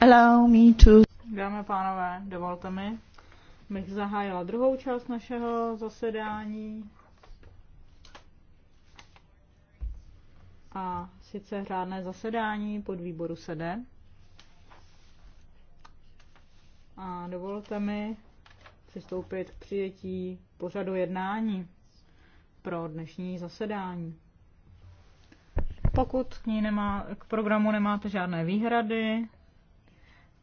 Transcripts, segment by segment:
Allow me to... Dámy a pánové, dovolte mi, bych zahájila druhou část našeho zasedání. A sice řádné zasedání pod výboru SEDE. A dovolte mi přistoupit k přijetí pořadu jednání pro dnešní zasedání. Pokud k, ní nemá, k programu nemáte žádné výhrady,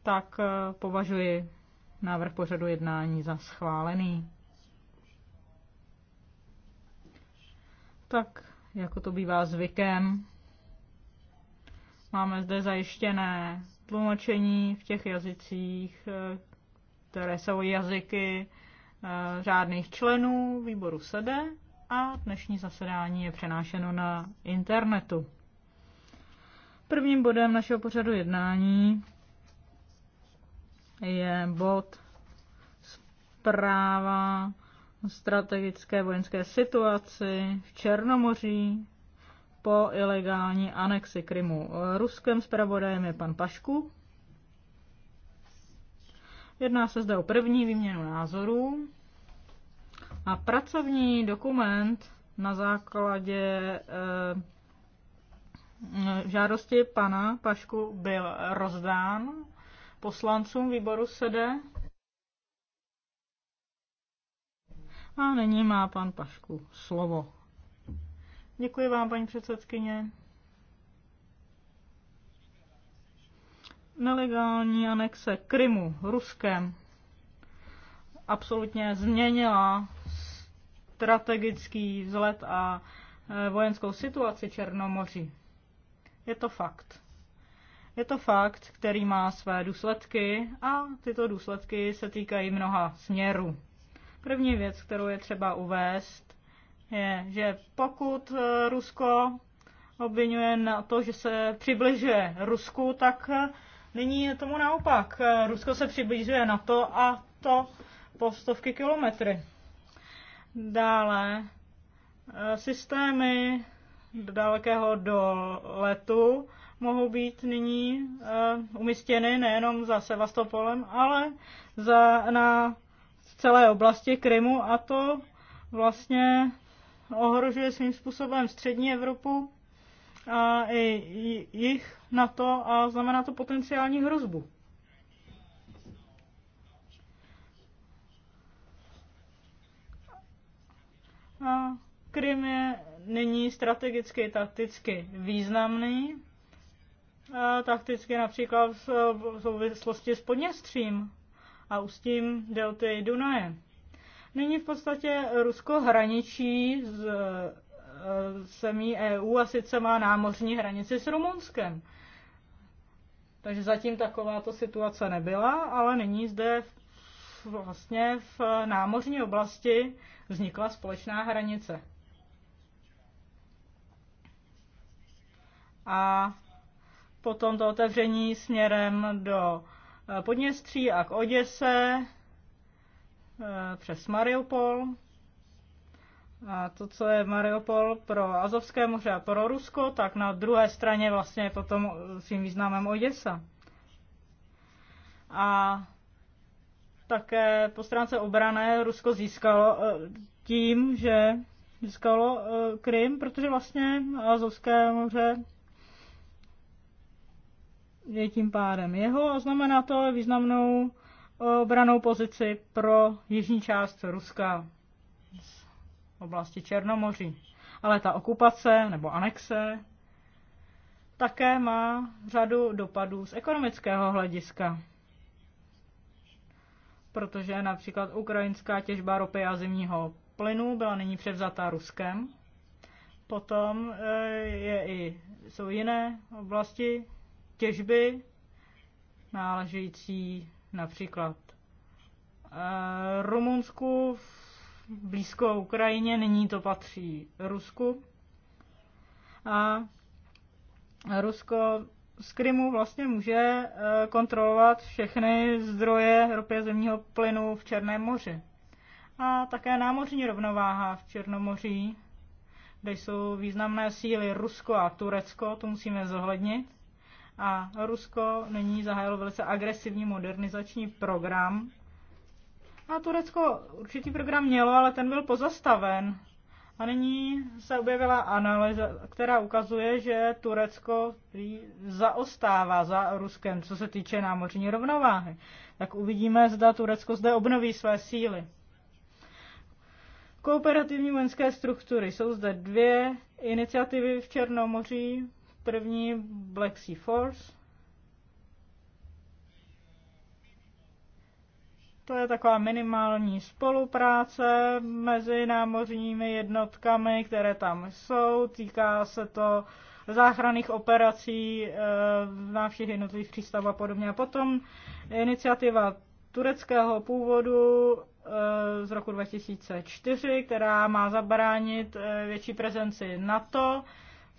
tak eh, považuji návrh pořadu jednání za schválený. Tak, jako to bývá zvykem, máme zde zajištěné tlumočení v těch jazycích, eh, které jsou jazyky eh, řádných členů výboru SEDE a dnešní zasedání je přenášeno na internetu. Prvním bodem našeho pořadu jednání je bod zpráva strategické vojenské situaci v Černomoří po ilegální anexi Krymu. Ruským zpravodajem je pan Pašku. Jedná se zde o první výměnu názorů a pracovní dokument na základě e, žádosti pana Pašku byl rozdán poslancům výboru SEDE. A nyní má pan Pašku slovo. Děkuji vám, paní předsedkyně. Nelegální anexe Krymu Ruskem absolutně změnila strategický vzhled a eh, vojenskou situaci Černomoří. Je to fakt. Je to fakt, který má své důsledky a tyto důsledky se týkají mnoha směrů. První věc, kterou je třeba uvést, je, že pokud eh, Rusko obvinuje na to, že se přibližuje Rusku, tak eh, nyní je tomu naopak. Eh, Rusko se přibližuje na to a to po stovky kilometry. Dále systémy dalekého doletu letu mohou být nyní eh, umístěny nejenom za Sevastopolem, ale za, na celé oblasti Krymu a to vlastně ohrožuje svým způsobem střední Evropu a i jich na to a znamená to potenciální hrozbu. A Krym je nyní strategicky takticky významný takticky například v souvislosti s Podněstřím a ústím delty Dunaje. Nyní v podstatě Rusko hraničí z e, zemí EU a sice má námořní hranici s Rumunskem. Takže zatím takováto situace nebyla, ale nyní zde vlastně v námořní oblasti vznikla společná hranice. A potom to otevření směrem do eh, Podněstří a k Oděse eh, přes Mariupol. A to, co je Mariupol pro Azovské moře a pro Rusko, tak na druhé straně vlastně je potom svým významem Oděsa. A také po stránce obrané Rusko získalo eh, tím, že získalo Krym, protože vlastně Azovské moře je tím pádem jeho a znamená to významnou eh, obranou pozici pro jižní část Ruska z oblasti Černomoří. Ale ta okupace nebo anexe také má řadu dopadů z ekonomického hlediska. Protože například ukrajinská těžba ropy a zimního plynu byla nyní převzata Ruskem. Potom eh, je i, jsou jiné oblasti těžby náležející například eh, Rumunsku, blízko Ukrajině, nyní to patří Rusku. A Rusko z Krymu vlastně může eh, kontrolovat všechny zdroje ropy zemního plynu v Černém moři. A také námořní rovnováha v Černomoří, kde jsou významné síly Rusko a Turecko, to musíme zohlednit. A Rusko nyní zahájilo velice agresivní modernizační program. A Turecko určitý program mělo, ale ten byl pozastaven. A nyní se objevila analýza, která ukazuje, že Turecko zaostává za Ruskem, co se týče námořní rovnováhy. Tak uvidíme, zda Turecko zde obnoví své síly. Kooperativní vojenské struktury. Jsou zde dvě iniciativy v Černomoří. První Black Sea Force. To je taková minimální spolupráce mezi námořními jednotkami, které tam jsou. Týká se to záchranných operací eh, na všech jednotlivých přístavů a podobně. A potom iniciativa tureckého původu eh, z roku 2004, která má zabránit eh, větší prezenci NATO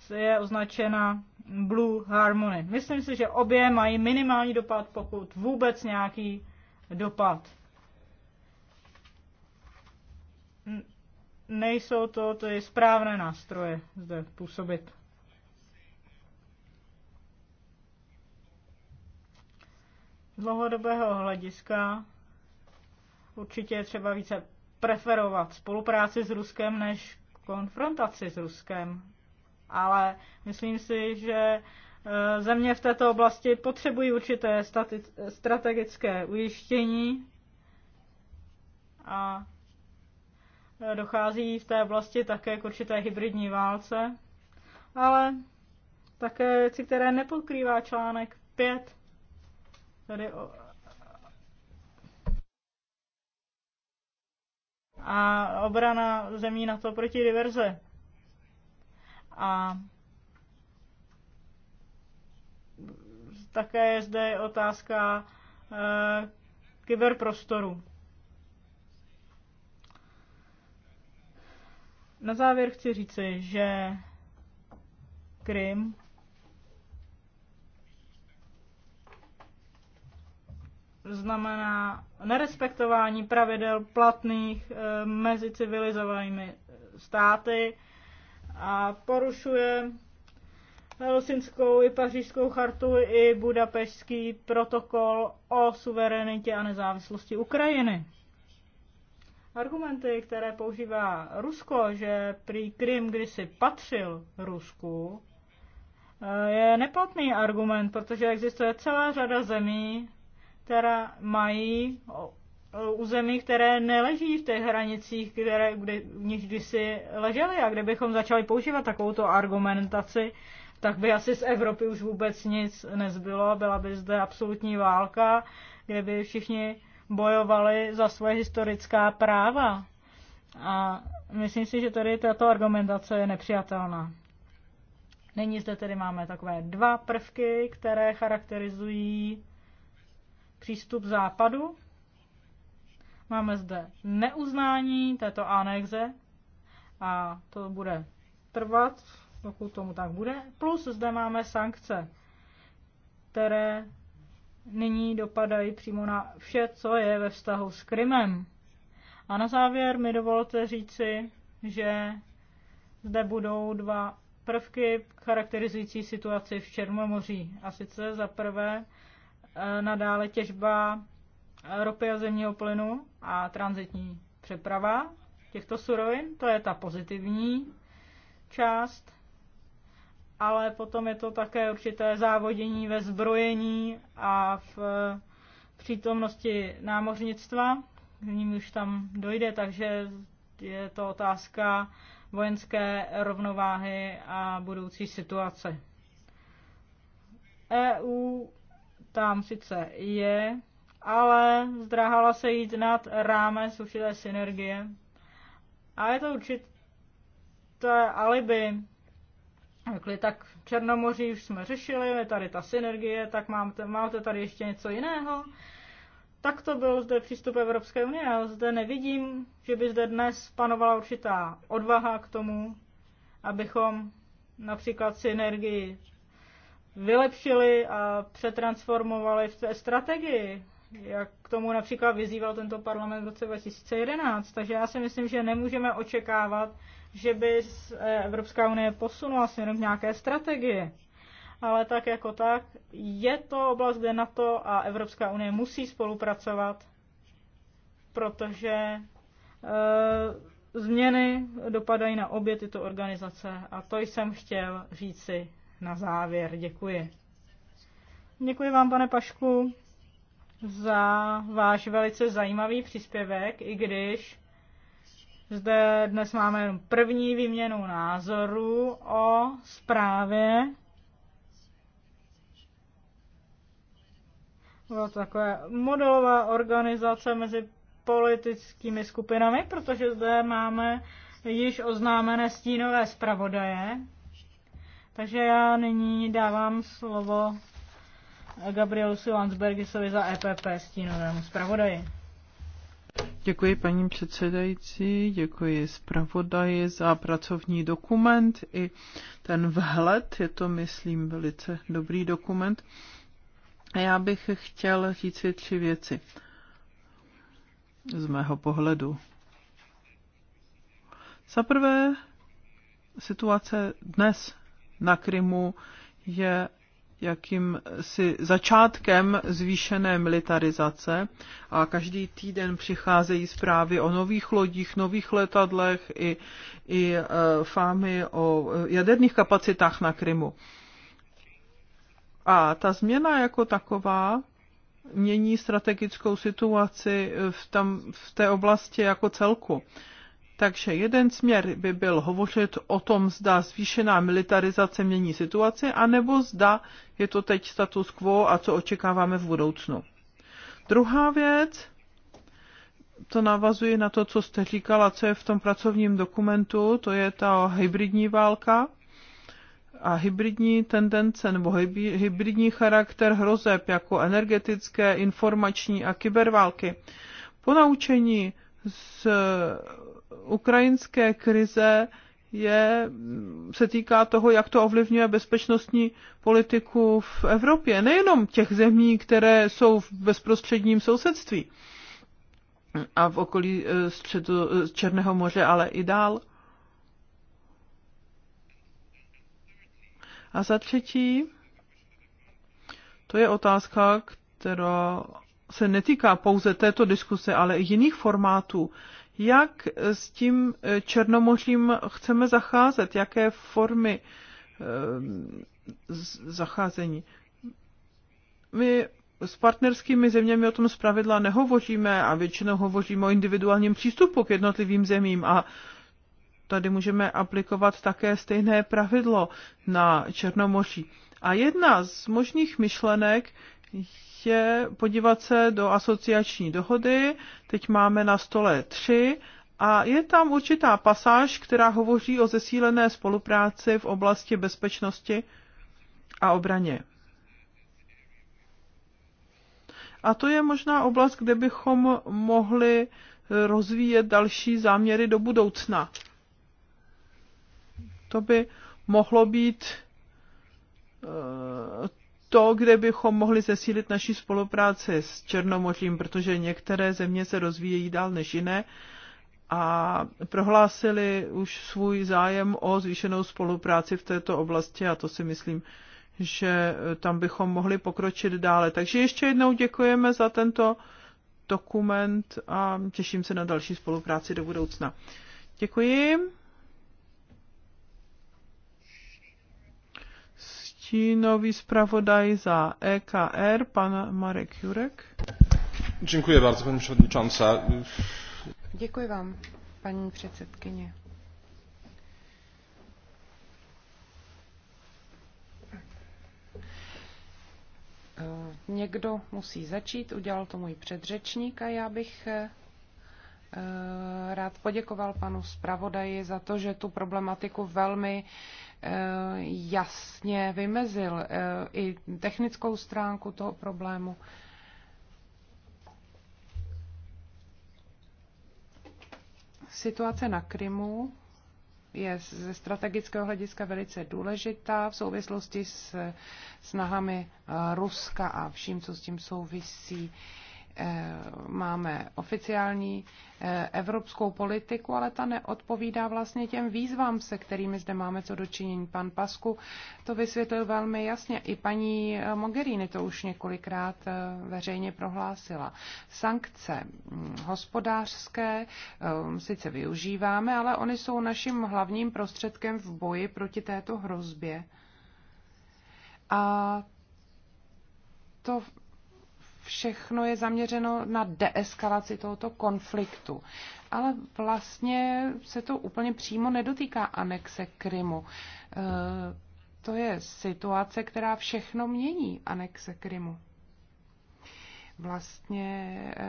je označena Blue Harmony. Myslím si, že obě mají minimální dopad, pokud vůbec nějaký dopad. Nejsou to ty správné nástroje zde působit. Z dlouhodobého hlediska určitě je třeba více preferovat spolupráci s Ruskem než konfrontaci s Ruskem ale myslím si, že eh, země v této oblasti potřebují určité strategické ujištění a eh, dochází v té oblasti také k určité hybridní válce, ale také věci, které nepokrývá článek 5, tedy o, a obrana zemí na to proti diverze. A také je zde otázka e, kyberprostoru. Na závěr chci říci, že Krym znamená nerespektování pravidel platných e, mezi civilizovanými státy a porušuje Helsinskou i Pařížskou chartu i Budapešský protokol o suverenitě a nezávislosti Ukrajiny. Argumenty, které používá Rusko, že prý Krym kdysi patřil Rusku, eh, je neplatný argument, protože existuje celá řada zemí, která mají území, eh, které neleží v těch hranicích, které, kde v nich kdysi ležely. A kdybychom začali používat takovouto argumentaci, tak by asi z Evropy už vůbec nic nezbylo. Byla by zde absolutní válka, kde by všichni bojovali za svoje historická práva. A myslím si, že tady tato argumentace je nepřijatelná. Nyní zde tedy máme takové dva prvky, které charakterizují přístup západu Máme zde neuznání této anexe a to bude trvat, dokud tomu tak bude. Plus zde máme sankce, které nyní dopadají přímo na vše, co je ve vztahu s Krymem. A na závěr mi dovolte říci, že zde budou dva prvky charakterizující situaci v Černomoří. A sice za prvé eh, nadále těžba ropy a zemního plynu a transitní přeprava těchto surovin, to je ta pozitivní část, ale potom je to také určité závodění ve zbrojení a v eh, přítomnosti námořnictva, k ním už tam dojde, takže je to otázka vojenské rovnováhy a budoucí situace. EU tam sice je ale zdráhala se jít nad rámec určité synergie. A je to určité alibi. Řekli, tak Černomoří už jsme řešili, je tady ta synergie, tak máte, máte tady ještě něco jiného. Tak to byl zde přístup Evropské unie. Já zde nevidím, že by zde dnes panovala určitá odvaha k tomu, abychom například synergii vylepšili a přetransformovali v té strategii jak k tomu například vyzýval tento parlament v roce 2011. Takže já si myslím, že nemůžeme očekávat, že by eh, Evropská unie posunula směrem k nějaké strategii. Ale tak jako tak, je to oblast, kde NATO a Evropská unie musí spolupracovat, protože e, změny dopadají na obě tyto organizace. A to jsem chtěl říci na závěr. Děkuji. Děkuji vám, pane Pašku za váš velice zajímavý příspěvek, i když zde dnes máme první výměnu názorů o zprávě Byla takové modelová organizace mezi politickými skupinami, protože zde máme již oznámené stínové zpravodaje. Takže já nyní dávám slovo Gabrielusu Landsbergisovi za EPP stínovému zpravodaji. Děkuji paní předsedající, děkuji zpravodaji za pracovní dokument i ten vhled, je to myslím velice dobrý dokument. A já bych chtěl říct tři věci z mého pohledu. Za prvé, situace dnes na Krymu je jakým si začátkem zvýšené militarizace a každý týden přicházejí zprávy o nových lodích, nových letadlech i, i e, fámy o jaderných kapacitách na Krymu. A ta změna jako taková mění strategickou situaci v, tam, v té oblasti jako celku. Takže jeden směr by byl hovořit o tom, zda zvýšená militarizace mění situaci, anebo zda je to teď status quo a co očekáváme v budoucnu. Druhá věc, to navazuje na to, co jste říkala, co je v tom pracovním dokumentu, to je ta hybridní válka a hybridní tendence nebo hybridní charakter hrozeb jako energetické, informační a kyberválky. Po naučení z ukrajinské krize je, se týká toho, jak to ovlivňuje bezpečnostní politiku v Evropě. Nejenom těch zemí, které jsou v bezprostředním sousedství a v okolí eh, středu, eh, Černého moře, ale i dál. A za třetí, to je otázka, která se netýká pouze této diskuse, ale i jiných formátů, jak s tím eh, černomořím chceme zacházet, jaké formy eh, zacházení. My s partnerskými zeměmi o tom zpravidla nehovoříme a většinou hovoříme o individuálním přístupu k jednotlivým zemím a tady můžeme aplikovat také stejné pravidlo na Černomoří. A jedna z možných myšlenek je podívat se do asociační dohody. Teď máme na stole tři a je tam určitá pasáž, která hovoří o zesílené spolupráci v oblasti bezpečnosti a obraně. A to je možná oblast, kde bychom mohli rozvíjet další záměry do budoucna. To by mohlo být eh, to, kde bychom mohli zesílit naši spolupráci s Černomořím, protože některé země se rozvíjejí dál než jiné a prohlásili už svůj zájem o zvýšenou spolupráci v této oblasti a to si myslím, že tam bychom mohli pokročit dále. Takže ještě jednou děkujeme za tento dokument a těším se na další spolupráci do budoucna. Děkuji. Nový zpravodaj za EKR, pan Marek Jurek. Děkuji bardzo, paní předsedající. Děkuji vám, paní předsedkyně. Někdo musí začít, udělal to můj předřečník a já bych eh, rád poděkoval panu zpravodaji za to, že tu problematiku velmi Eh, jasně vymezil eh, i technickou stránku toho problému. Situace na Krymu je ze strategického hlediska velice důležitá v souvislosti s snahami eh, Ruska a vším, co s tím souvisí. Eh, máme oficiální eh, evropskou politiku, ale ta neodpovídá vlastně těm výzvám, se kterými zde máme co dočinění. Pan Pasku to vysvětlil velmi jasně. I paní eh, Mogherini to už několikrát veřejně prohlásila. Sankce hm, hospodářské sice využíváme, ale oni jsou naším hlavním prostředkem v boji proti této hrozbě. A to všechno je zaměřeno na deeskalaci tohoto konfliktu. Ale vlastně se to úplně přímo nedotýká anexe Krymu. E, to je situace, která všechno mění, anexe Krymu. Vlastně e,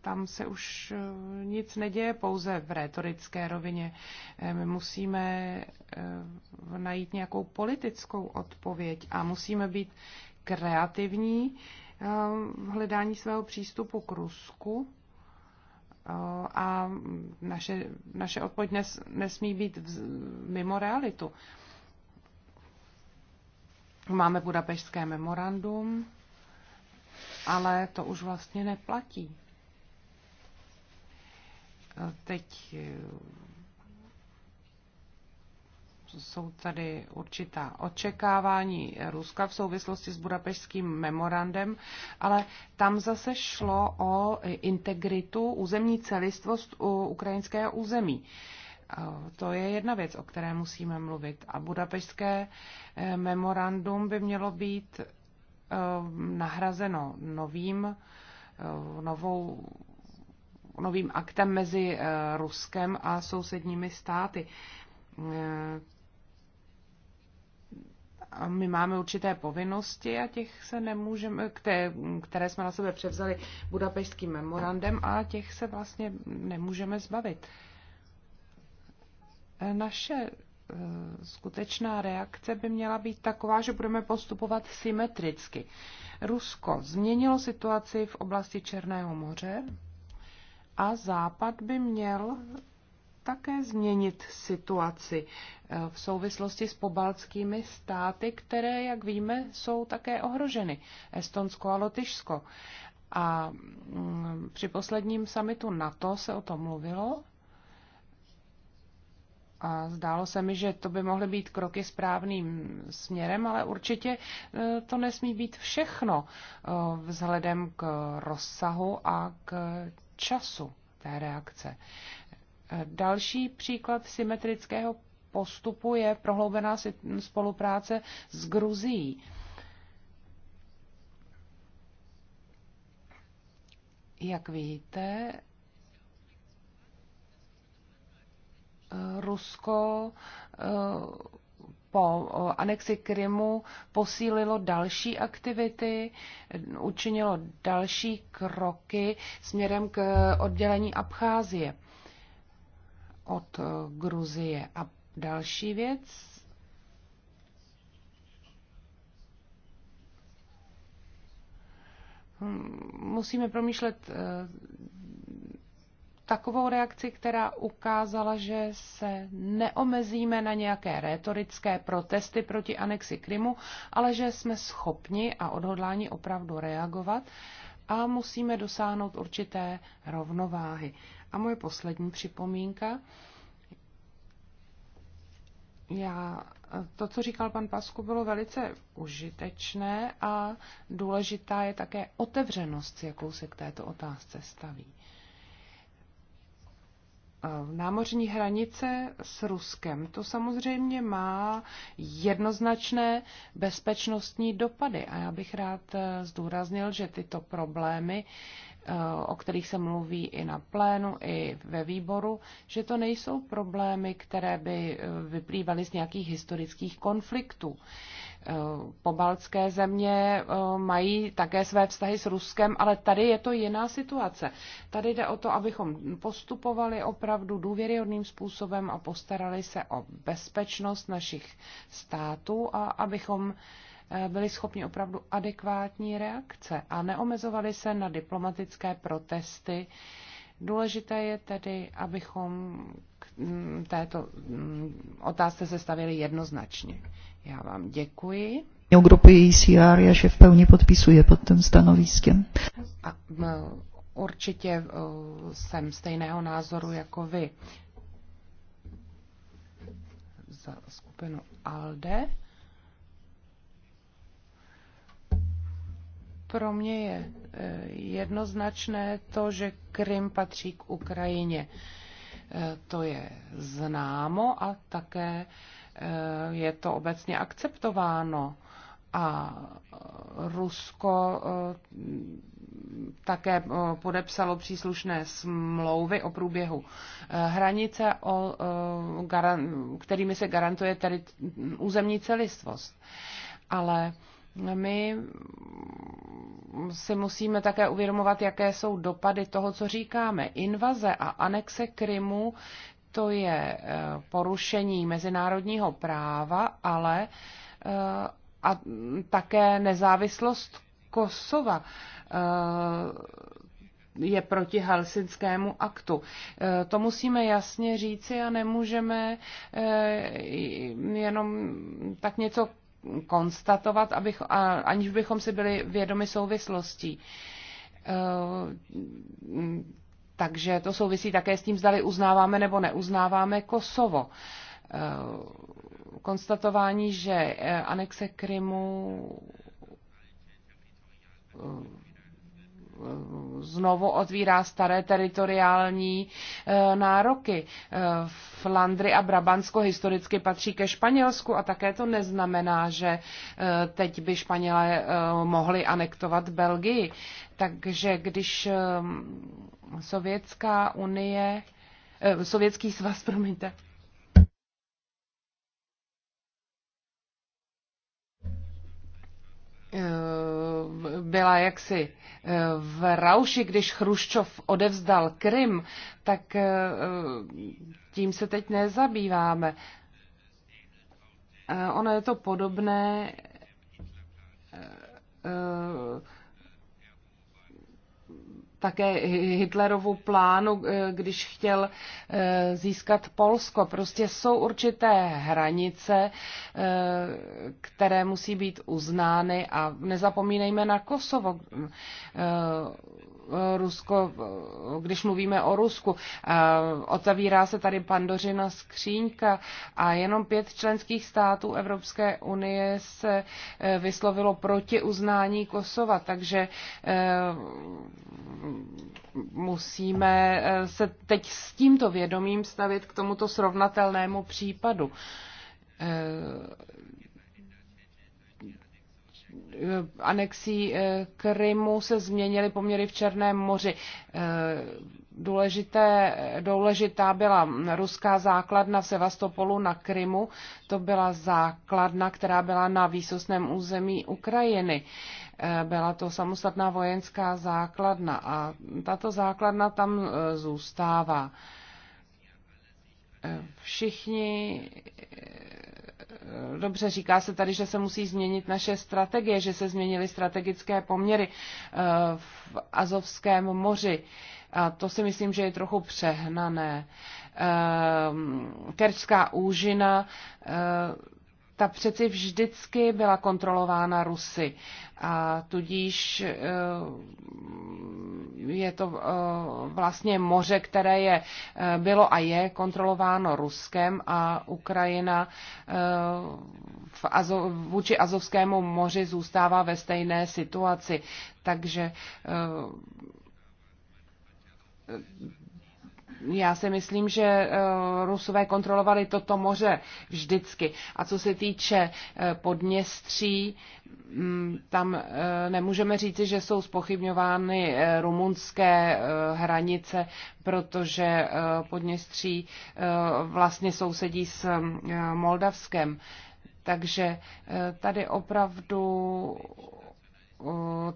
tam se už e, nic neděje pouze v retorické rovině. My musíme najít nějakou politickou odpověď a musíme být kreativní v hledání svého přístupu k Rusku a naše, naše odpověď nes, nesmí být vz, mimo realitu. Máme budapešské memorandum, ale to už vlastně neplatí. Teď jsou tady určitá očekávání Ruska v souvislosti s budapešským memorandem, ale tam zase šlo o integritu, územní celistvost u ukrajinského území. To je jedna věc, o které musíme mluvit. A budapešské eh, memorandum by mělo být eh, nahrazeno novým, eh, novou novým aktem mezi Ruskem a sousedními státy my máme určité povinnosti a těch se nemůžeme, které, které jsme na sebe převzali budapešským memorandem a těch se vlastně nemůžeme zbavit. Naše eh, skutečná reakce by měla být taková, že budeme postupovat symetricky. Rusko změnilo situaci v oblasti Černého moře a Západ by měl také změnit situaci eh, v souvislosti s pobaltskými státy, které, jak víme, jsou také ohroženy. Estonsko a Lotyšsko. A mm, při posledním samitu NATO se o tom mluvilo a zdálo se mi, že to by mohly být kroky správným směrem, ale určitě eh, to nesmí být všechno eh, vzhledem k rozsahu a k času té reakce. Další příklad symetrického postupu je prohloubená spolupráce s Gruzií. Jak víte, Rusko eh, po anexi Krymu posílilo další aktivity, učinilo další kroky směrem k oddělení Abcházie od eh, Gruzie. A další věc. Hm, musíme promýšlet eh, takovou reakci, která ukázala, že se neomezíme na nějaké rétorické protesty proti anexi Krymu, ale že jsme schopni a odhodláni opravdu reagovat a musíme dosáhnout určité rovnováhy. A moje poslední připomínka. Já, to, co říkal pan Pasku, bylo velice užitečné a důležitá je také otevřenost, jakou se k této otázce staví. Eh, námořní hranice s Ruskem. To samozřejmě má jednoznačné bezpečnostní dopady a já bych rád eh, zdůraznil, že tyto problémy uh, o kterých se mluví i na plénu, i ve výboru, že to nejsou problémy, které by eh, vyplývaly z nějakých historických konfliktů. Eh, pobaltské země eh, mají také své vztahy s Ruskem, ale tady je to jiná situace. Tady jde o to, abychom postupovali opravdu důvěryhodným způsobem a postarali se o bezpečnost našich států a abychom byli schopni opravdu adekvátní reakce a neomezovali se na diplomatické protesty. Důležité je tedy, abychom k mm, této mm, otázce se stavili jednoznačně. Já vám děkuji. Grupy ICR, e já se v plně podpisuje pod tím stanoviskem. A, určitě jsem stejného názoru jako vy. Za skupinu ALDE Pro mě je eh, jednoznačné to, že Krym patří k Ukrajině. Eh, to je známo a také eh, je to obecně akceptováno. A Rusko také podepsalo příslušné smlouvy o průběhu hranice, o, kterými se garantuje tedy územní celistvost. Ale my si musíme také uvědomovat, jaké jsou dopady toho, co říkáme. Invaze a anexe Krymu to je eh, porušení mezinárodního práva, ale eh, a také nezávislost Kosova eh, je proti Helsinskému aktu. To musíme jasně říci a nemůžeme jenom tak něco konstatovat, abych, aniž bychom si byli vědomi souvislostí. Eh, takže to souvisí také s tím, zdali uznáváme nebo neuznáváme Kosovo. Eh, konstatování, že eh, anexe Krymu znovu otvírá staré teritoriální eh, nároky. Eh, Flandry a Brabansko historicky patří ke Španělsku a také to neznamená, že eh, teď by Španělé mohli anektovat Belgii. Takže když Sovětská unie, Sovětský svaz, promiňte, byla jaksi Eh, v Rauši, když Chruščov odevzdal Krym, tak eh, eh, tím se teď nezabýváme. Ono je to podobné také Hitlerovu plánu, eh, když chtěl eh, získat Polsko. Prostě jsou určité hranice, eh, které musí být uznány a nezapomínejme na Kosovo. Rusko, když mluvíme o Rusku. Otavírá se tady pandořina skříňka a jenom pět členských států Evropské unie se eh, vyslovilo proti uznání Kosova, takže eh, musíme eh, se teď s tímto vědomím stavit k tomuto srovnatelnému případu Eh, anexí eh, Krymu se změnily poměry v Černém moři. Eh, důležité, důležitá byla ruská základna v Sevastopolu na Krymu. To byla základna, která byla na výsostném území Ukrajiny. Byla to samostatná vojenská základna a tato základna tam zůstává. Všichni dobře, říká se tady, že se musí změnit naše strategie, že se změnily strategické poměry eh, v Azovském moři. A to si myslím, že je trochu přehnané. Ehm, Kerčská úžina eh, ta přeci vždycky byla kontrolována Rusy. A tudíž eh, je to eh, vlastně moře, které je, eh, bylo a je kontrolováno Ruskem a Ukrajina v Azo, vůči Azovskému moři zůstává ve stejné situaci. Takže já si myslím, že eh, Rusové kontrolovali toto moře vždycky. A co se týče eh, Podněstří, mm, tam eh, nemůžeme říci, že jsou spochybňovány rumunské hranice, protože Podněstří vlastně sousedí s Moldavskem. Takže tady opravdu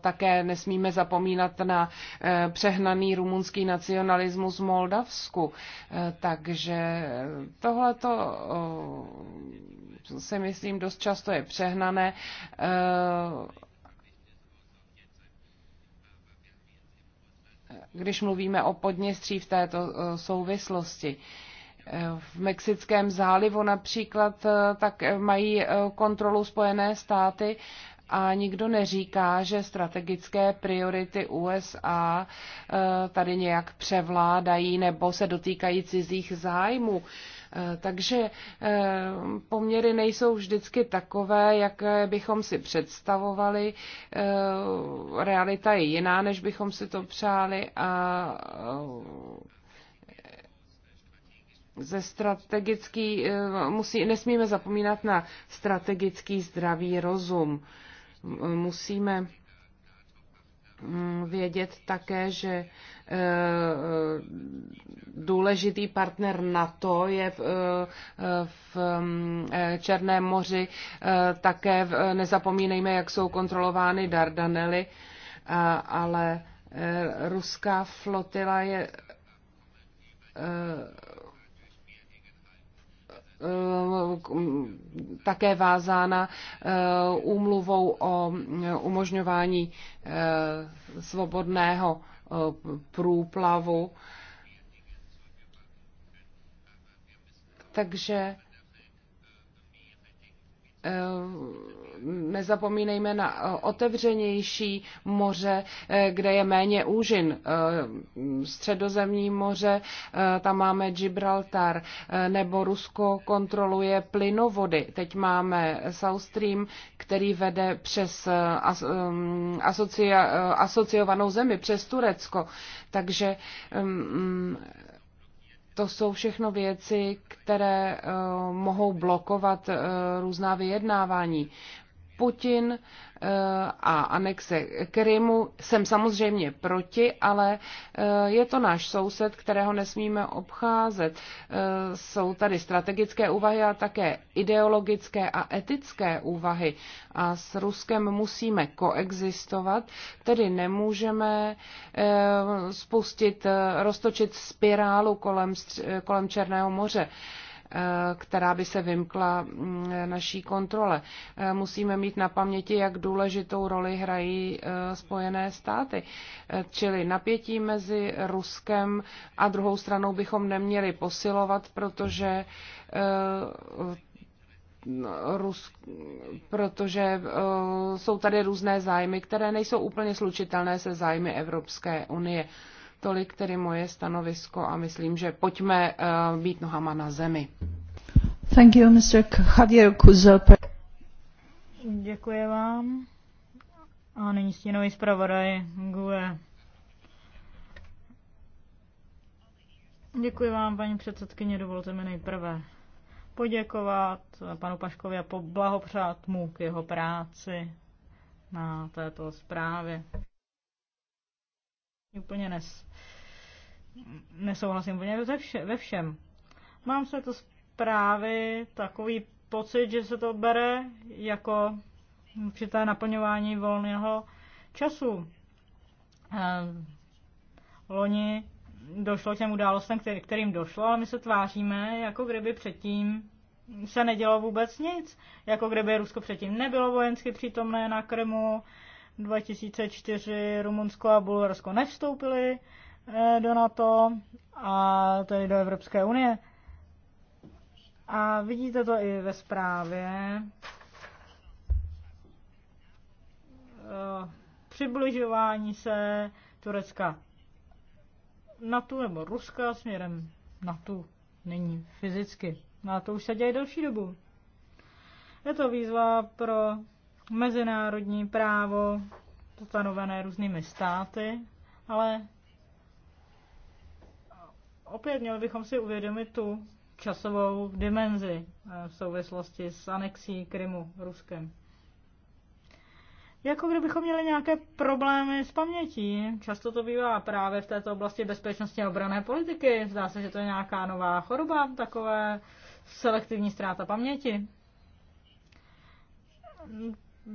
také nesmíme zapomínat na e, přehnaný rumunský nacionalismus v Moldavsku. E, takže tohle to si myslím dost často je přehnané. E, když mluvíme o podněstří v této souvislosti. V Mexickém zálivu například tak mají kontrolu Spojené státy a nikdo neříká, že strategické priority USA eh, tady nějak převládají nebo se dotýkají cizích zájmů. Eh, takže eh, poměry nejsou vždycky takové, jak bychom si představovali. Realita je jiná, než bychom si to přáli a ze strategický, musí, nesmíme zapomínat na strategický zdravý rozum. Musíme mm, vědět také, že e, e, důležitý partner NATO je v, e, v mm, Černém moři. Také nezapomínejme, jak jsou kontrolovány Dardanely, ale ruská flotila je Eh, také vázána eh, úmluvou o eh, umožňování svobodného průplavu. Takže Eh, nezapomínejme na eh, otevřenější moře, eh, kde je méně úžin. Středozemní moře, tam máme Gibraltar, nebo Rusko kontroluje plynovody. Teď máme South Stream, který vede přes asocia, asociovanou zemi, přes Turecko. Takže mm, to jsou všechno věci, které eh, mohou blokovat eh, různá vyjednávání. Putin eh, a anexe Krymu jsem samozřejmě proti, ale eh, je to náš soused, kterého nesmíme obcházet. Eh, jsou tady strategické úvahy a také ideologické a etické úvahy. A s Ruskem musíme koexistovat, tedy nemůžeme spustit, roztočit spirálu kolem, kolem Černého moře. Eh, která by se vymkla mm, naší kontrole. Eh, musíme mít na paměti, jak důležitou roli hrají eh, Spojené státy. Čili napětí mezi Ruskem a druhou stranou bychom neměli posilovat, protože Rus, protože uh, jsou tady různé zájmy, které nejsou úplně slučitelné se zájmy Evropské unie. Tolik tedy moje stanovisko a myslím, že pojďme uh, být nohama na zemi. Thank you, Mr. Javier Kuzope. Děkuji vám. A nyní stínový zpravodaj Gue. Děkuji vám, paní předsedkyně. Dovolte mi nejprve poděkovat panu Paškovi a poblahopřát mu k jeho práci na této zprávě. Úplně nes, nesouhlasím úplně ve, vše, ve všem. Mám se to zprávy takový pocit, že se to bere jako určité naplňování volného času. Eh, loni došlo k těm událostem, kterým došlo, ale my se tváříme, jako kdyby předtím se nedělo vůbec nic. Jako kdyby Rusko předtím nebylo vojensky přítomné na Krymu, 2004 Rumunsko a Bulharsko nevstoupili eh, do NATO a tedy do Evropské unie. A vidíte to i ve zprávě. Eh, přibližování se Turecka na tu nebo Ruska směrem na tu není fyzicky. Na to už se děje delší dobu. Je to výzva pro mezinárodní právo stanovené různými státy, ale opět měli bychom si uvědomit tu časovou dimenzi eh, v souvislosti s anexí Krymu Ruskem. Jako kdybychom měli nějaké problémy s pamětí. Často to bývá právě v této oblasti bezpečnosti a obrané politiky. Zdá se, že to je nějaká nová choroba, takové selektivní ztráta paměti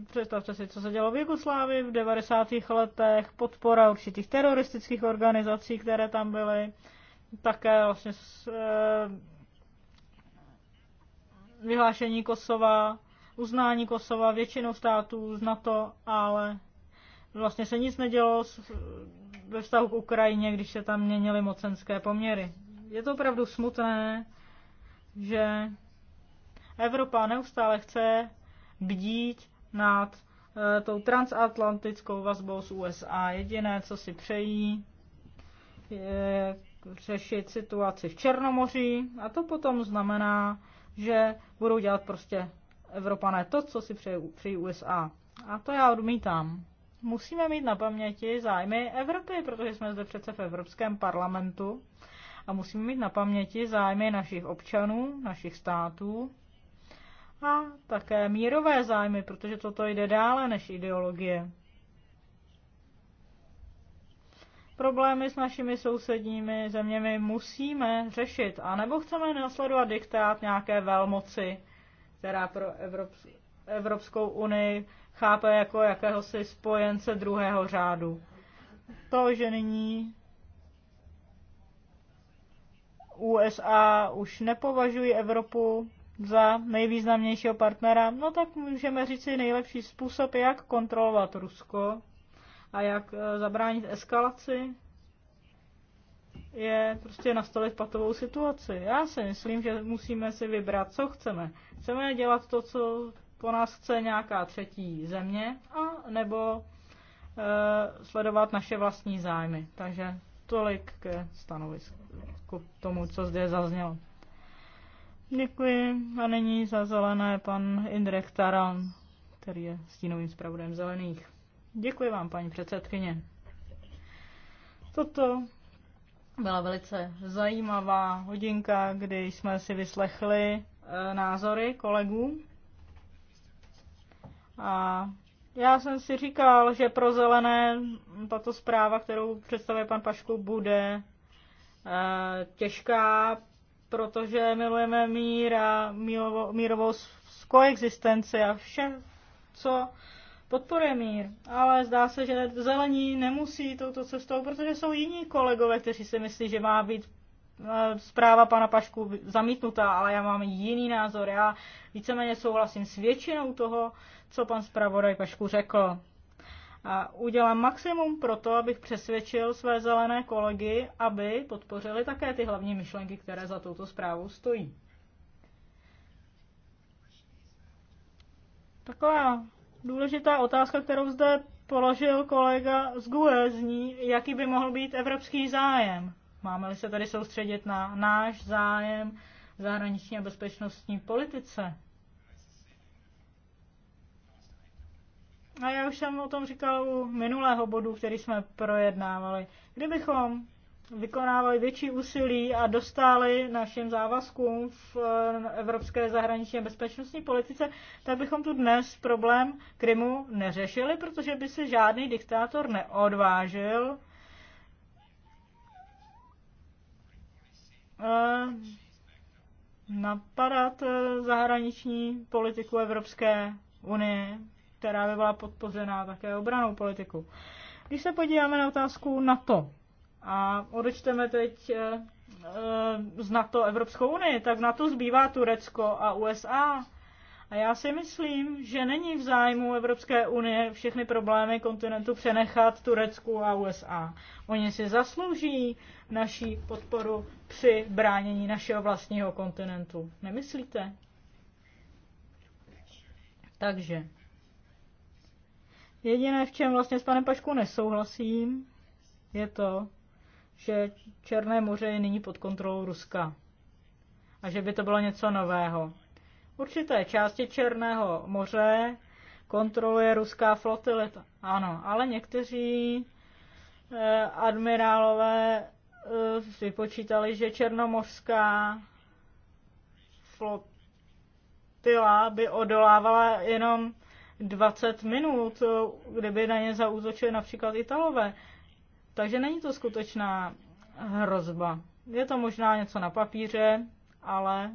Představte si, co se dělo v Jugoslávii v 90. letech, podpora určitých teroristických organizací, které tam byly, také vlastně s, e, vyhlášení Kosova, uznání Kosova většinou států z NATO, ale vlastně se nic nedělo s, ve vztahu k Ukrajině, když se tam měnily mocenské poměry. Je to opravdu smutné, že Evropa neustále chce bdít nad e, tou transatlantickou vazbou z USA. Jediné, co si přejí, je řešit situaci v Černomoří a to potom znamená, že budou dělat prostě Evropané to, co si přejí USA. A to já odmítám. Musíme mít na paměti zájmy Evropy, protože jsme zde přece v Evropském parlamentu a musíme mít na paměti zájmy našich občanů, našich států a také mírové zájmy, protože toto jde dále než ideologie. Problémy s našimi sousedními zeměmi musíme řešit, a nebo chceme následovat diktát nějaké velmoci, která pro Evropskou unii chápe jako jakéhosi spojence druhého řádu. To, že nyní USA už nepovažují Evropu za nejvýznamnějšího partnera, no tak můžeme říci nejlepší způsob, jak kontrolovat Rusko a jak e, zabránit eskalaci, je prostě nastolit patovou situaci. Já si myslím, že musíme si vybrat, co chceme. Chceme dělat to, co po nás chce nějaká třetí země, a nebo e, sledovat naše vlastní zájmy. Takže tolik ke stanovisku k tomu, co zde zaznělo. Děkuji. A nyní za zelené pan Indrek Taran, který je stínovým zpravodem zelených. Děkuji vám, paní předsedkyně. Toto byla velice zajímavá hodinka, kdy jsme si vyslechli eh, názory kolegů. A já jsem si říkal, že pro zelené tato zpráva, kterou představuje pan Pašku, bude eh, těžká, protože milujeme a mírovou, mírovou koexistenci a vše, co podporuje mír. Ale zdá se, že zelení nemusí touto cestou, protože jsou jiní kolegové, kteří si myslí, že má být eh, zpráva pana Pašku zamítnutá, ale já mám jiný názor. Já víceméně souhlasím s většinou toho, co pan zpravodaj Pašku řekl. A udělám maximum pro to, abych přesvědčil své zelené kolegy, aby podpořili také ty hlavní myšlenky, které za touto zprávou stojí. Taková důležitá otázka, kterou zde položil kolega z GUE, zní, jaký by mohl být evropský zájem. Máme-li se tady soustředit na náš zájem v zahraniční a bezpečnostní politice? a já už jsem o tom říkal u minulého bodu, který jsme projednávali, kdybychom vykonávali větší úsilí a dostali našim závazkům v eh, evropské zahraniční a bezpečnostní politice, tak bychom tu dnes problém Krymu neřešili, protože by se žádný diktátor neodvážil eh, napadat eh, zahraniční politiku Evropské unie která by byla podpořená také obranou politikou. Když se podíváme na otázku NATO a odečteme teď eh, eh, z NATO Evropskou unii, tak na to zbývá Turecko a USA. A já si myslím, že není v zájmu Evropské unie všechny problémy kontinentu přenechat Turecku a USA. Oni si zaslouží naší podporu při bránění našeho vlastního kontinentu. Nemyslíte? Takže Jediné, v čem vlastně s panem Paškou nesouhlasím, je to, že Černé moře je nyní pod kontrolou Ruska a že by to bylo něco nového. Určité části Černého moře kontroluje ruská flotilita. Ano, ale někteří eh, admirálové eh, vypočítali, že černomořská flotila by odolávala jenom 20 minut, kdyby na ně zaútočili například Italové. Takže není to skutečná hrozba. Je to možná něco na papíře, ale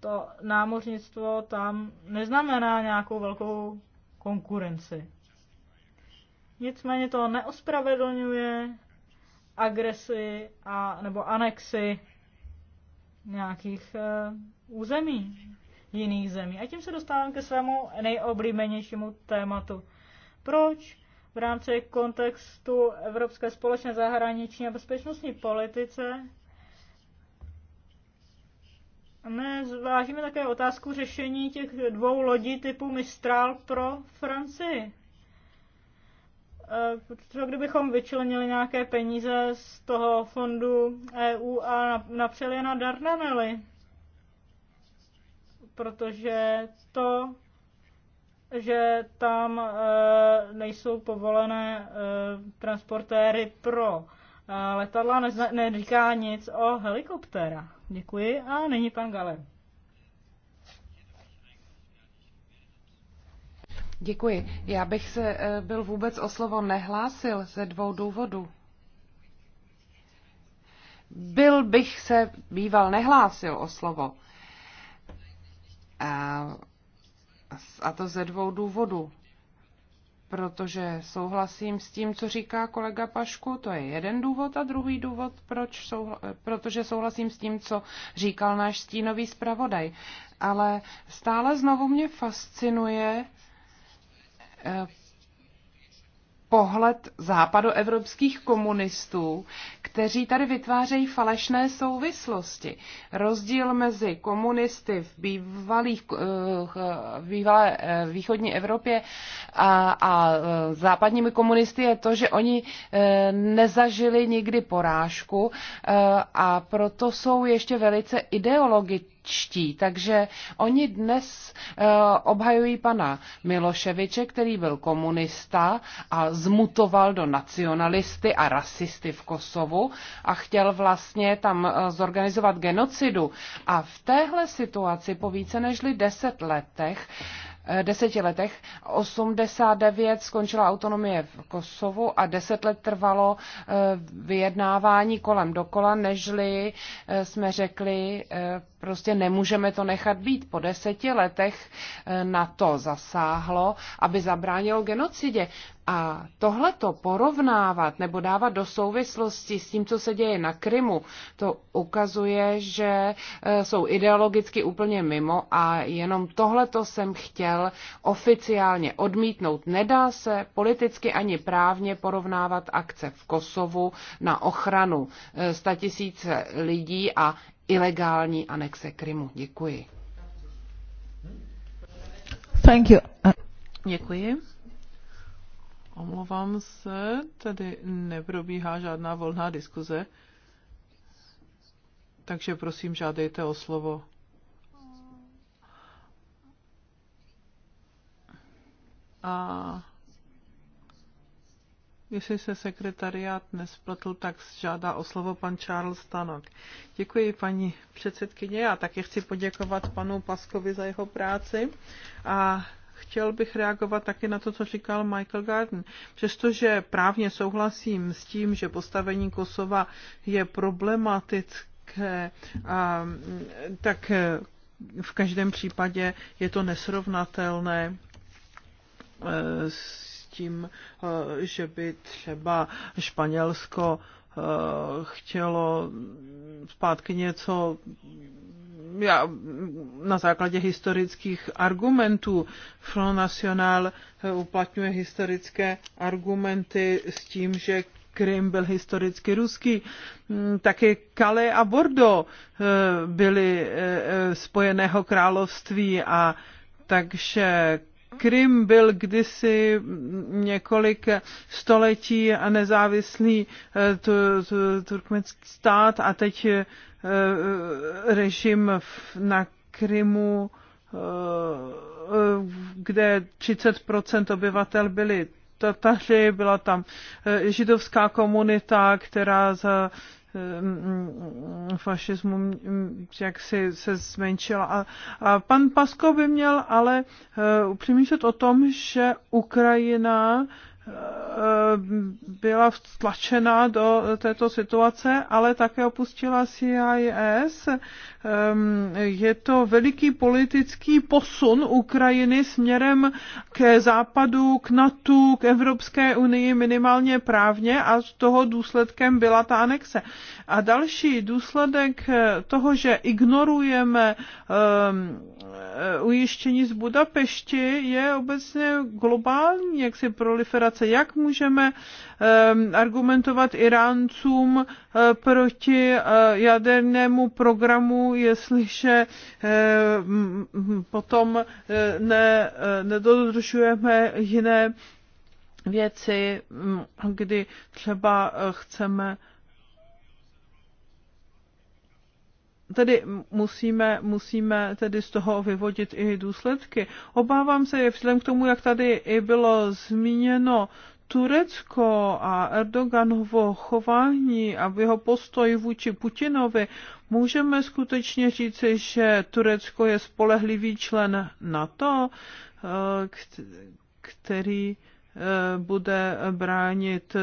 to námořnictvo tam neznamená nějakou velkou konkurenci. Nicméně to neospravedlňuje agresi a, nebo anexy nějakých e, území jiných zemí. A tím se dostávám ke svému nejoblíbenějšímu tématu. Proč v rámci kontextu Evropské společné zahraniční a bezpečnostní politice my zvážíme také otázku řešení těch dvou lodí typu Mistral pro Francii. Eh, co kdybychom vyčlenili nějaké peníze z toho fondu EU a napřeli je na Dardanely? protože to, že tam e, nejsou povolené e, transportéry pro e, letadla, neříká nic o helikoptéra. Děkuji a nyní pan Galer. Děkuji. Já bych se byl vůbec o slovo nehlásil ze dvou důvodů. Byl bych se býval nehlásil o slovo. A to ze dvou důvodů. Protože souhlasím s tím, co říká kolega Pašku, to je jeden důvod. A druhý důvod, proč souhla- protože souhlasím s tím, co říkal náš stínový zpravodaj. Ale stále znovu mě fascinuje eh, pohled západoevropských komunistů, kteří tady vytvářejí falešné souvislosti. Rozdíl mezi komunisty v, bývalých, eh, v bývalé eh, východní Evropě a, a eh, západními komunisty je to, že oni nezažili nikdy porážku a proto jsou ještě velice ideologické čtí. Takže oni dnes eh, obhajují pana Miloševiče, který byl komunista a zmutoval do nacionalisty a rasisty v Kosovu a chtěl vlastně tam eh, zorganizovat genocidu. A v téhle situaci po více než deset letech eh, deseti letech. 89 skončila autonomie v Kosovu a deset let trvalo vyjednávání kolem dokola, nežli jsme řekli Prostě nemůžeme to nechat být. Po deseti letech eh, na to zasáhlo, aby zabránilo genocidě. A tohleto porovnávat nebo dávat do souvislosti s tím, co se děje na Krymu, to ukazuje, že eh, jsou ideologicky úplně mimo a jenom tohleto jsem chtěl oficiálně odmítnout. Nedá se politicky ani právně porovnávat akce v Kosovu na ochranu eh, statisíce lidí a ilegální anexe Krymu. Děkuji. Thank you. Děkuji. Omlouvám se, tady neprobíhá žádná volná diskuze, takže prosím, žádejte o slovo. A Jestli se sekretariát nespletl, tak žádá o slovo pan Charles Stanok. Děkuji, paní předsedkyně. A taky chci poděkovat panu Paskovi za jeho práci a chtěl bych reagovat taky na to, co říkal Michael Garden. Přestože právně souhlasím s tím, že postavení Kosova je problematické, a, tak v každém případě je to nesrovnatelné e, s tím, eh, že by třeba Španělsko eh, chtělo zpátky něco já, na základě historických argumentů. Front National eh, uplatňuje historické argumenty s tím, že Krym byl historicky ruský. Mm, taky Calais a Bordeaux byly Spojeného království a takže Krym byl kdysi několik století a nezávislý eh, turkmenský stát a teď eh, režim na Krymu, eh, kde 30 obyvatel byli Tataři, byla tam eh, židovská komunita, která za eh, mm, fašismu mm, jak si se zmenšila. A, a pan Pasko by měl ale uh, eh, přemýšlet o tom, že Ukrajina byla vtlačena do této situace, ale také opustila CIS, Ehm, je to veliký politický posun Ukrajiny směrem k západu, k NATO, k Evropské unii minimálně právně a z toho důsledkem byla ta anexe. A další důsledek eh, toho, že ignorujeme ehm, eh, ujištění z Budapešti, je obecně globální jaksi proliferace. Jak můžeme ehm, argumentovat Iráncům eh, proti jadernému programu jestliže eh, potom eh, ne, eh, nedodržujeme jiné věci, mm, kdy třeba chceme tedy musíme, musíme tedy z toho vyvodit i důsledky. Obávám se, je vzhledem k tomu, jak tady i bylo zmíněno Turecko a Erdoganovo chování a jeho postoj vůči Putinovi, můžeme skutečně říci, že Turecko je spolehlivý člen NATO, eh, který eh, bude bránit eh,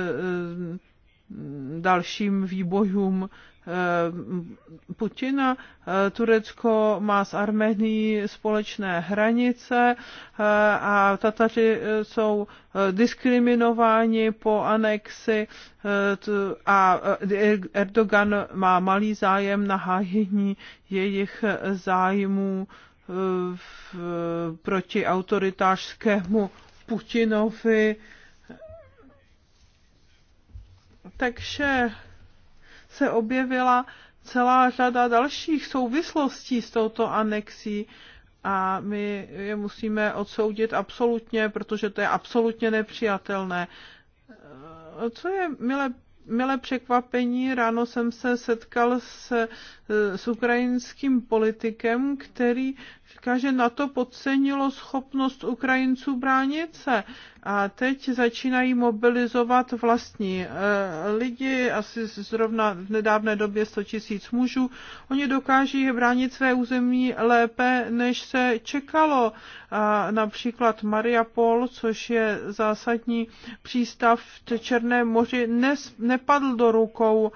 dalším výbojům eh, Putina. Eh, Turecko má s Armenií společné hranice eh, a Tataři jsou diskriminováni po anexi a Erdogan má malý zájem na hájení jejich zájmů proti autoritářskému Putinovi takže se objevila celá řada dalších souvislostí s touto anexí a my je musíme odsoudit absolutně, protože to je absolutně nepřijatelné. Eh, co je milé, milé překvapení, ráno jsem se setkal s, eh, s ukrajinským politikem, který říká, že na to podcenilo schopnost Ukrajinců bránit se. A teď začínají mobilizovat vlastní eh, lidi, asi zrovna v nedávné době 100 tisíc mužů. Oni dokáží bránit své území lépe, než se čekalo. A například Mariapol, což je zásadní přístav v Černém moři, nes, nepadl do rukou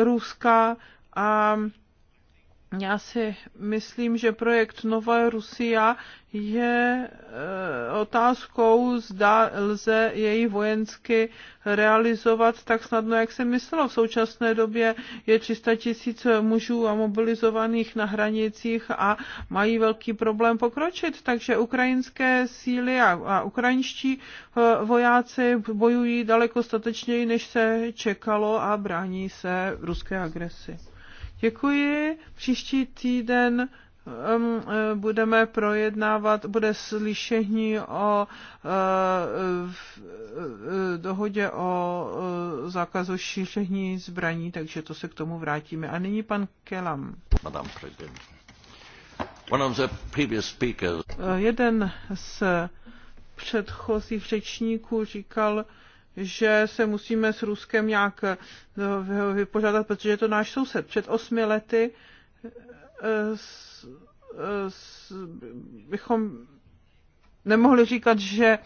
eh, Ruska a já si myslím, že projekt Nová Rusia je eh, otázkou, zda lze její vojensky realizovat tak snadno, jak se myslelo. V současné době je 300 tisíc mužů a mobilizovaných na hranicích a mají velký problém pokročit. Takže ukrajinské síly a, a ukrajinští eh, vojáci bojují daleko statečněji, než se čekalo a brání se ruské agresi. Děkuji. Příští týden um, eh, budeme projednávat, bude slyšení o eh, eh, dohodě o zákazu šíření zbraní, takže to se k tomu vrátíme. A nyní pan Kelam. Madame President. One of the previous speakers. Jeden z předchozích řečníků říkal, že se musíme s Ruskem nějak eh, vypořádat, protože je to náš soused. Před osmi lety eh, eh, bychom nemohli říkat, že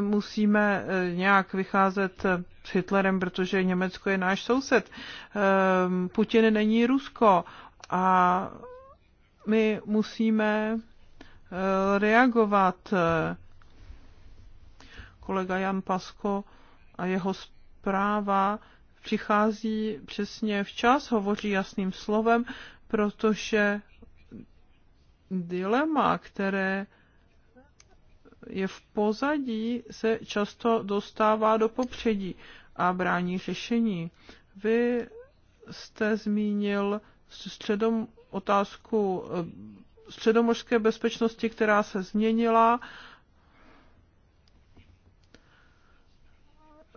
musíme nějak vycházet s Hitlerem, protože Německo je náš soused. Ehm, Putin není Rusko a my musíme reagovat. Kolega Jan Pasko a jeho zpráva přichází přesně včas, hovoří jasným slovem, protože dilema, které je v pozadí, se často dostává do popředí a brání řešení. Vy jste zmínil středom, otázku eh, středomořské bezpečnosti, která se změnila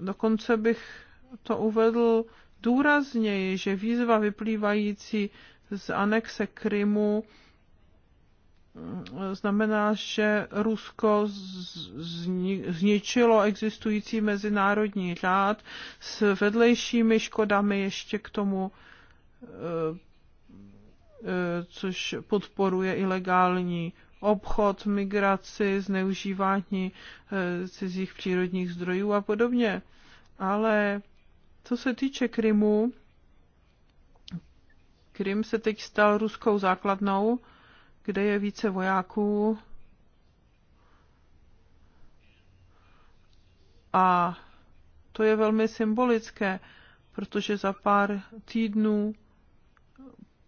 dokonce bych to uvedl důrazněji, že výzva vyplývající z anexe Krymu mm, znamená, že Rusko zničilo existující mezinárodní řád s vedlejšími škodami ještě k tomu, e, e, což podporuje ilegální obchod, migraci, zneužívání eh, cizích přírodních zdrojů a podobně. Ale co se týče Krymu, Krym se teď stal ruskou základnou, kde je více vojáků a to je velmi symbolické, protože za pár týdnů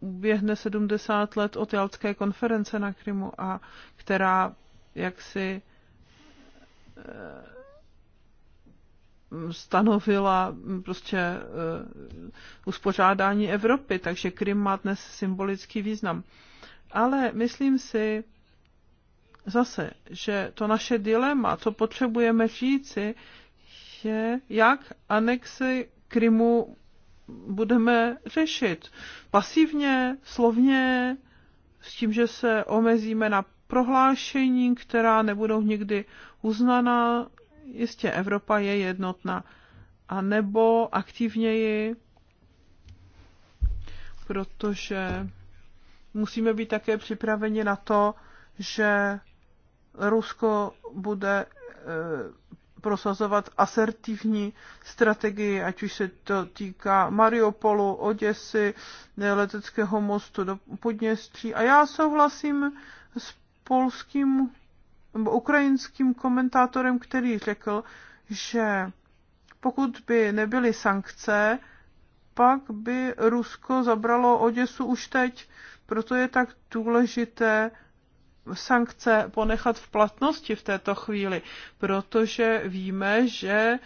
uběhne 70 let od Jaltské konference na Krymu, a která jaksi eh, stanovila prostě eh, uspořádání Evropy, takže Krym má dnes symbolický význam. Ale myslím si zase, že to naše dilema, co potřebujeme říci, je, jak anexi Krymu budeme řešit. Pasivně, slovně, s tím, že se omezíme na prohlášení, která nebudou nikdy uznaná, jistě Evropa je jednotná, a nebo aktivněji, protože musíme být také připraveni na to, že Rusko bude eh, prosazovat asertivní strategii, ať už se to týká Mariupolu, Oděsy, leteckého mostu do Podněstří. A já souhlasím s polským nebo ukrajinským komentátorem, který řekl, že pokud by nebyly sankce, pak by Rusko zabralo Oděsu už teď. Proto je tak důležité sankce ponechat v platnosti v této chvíli, protože víme, že e,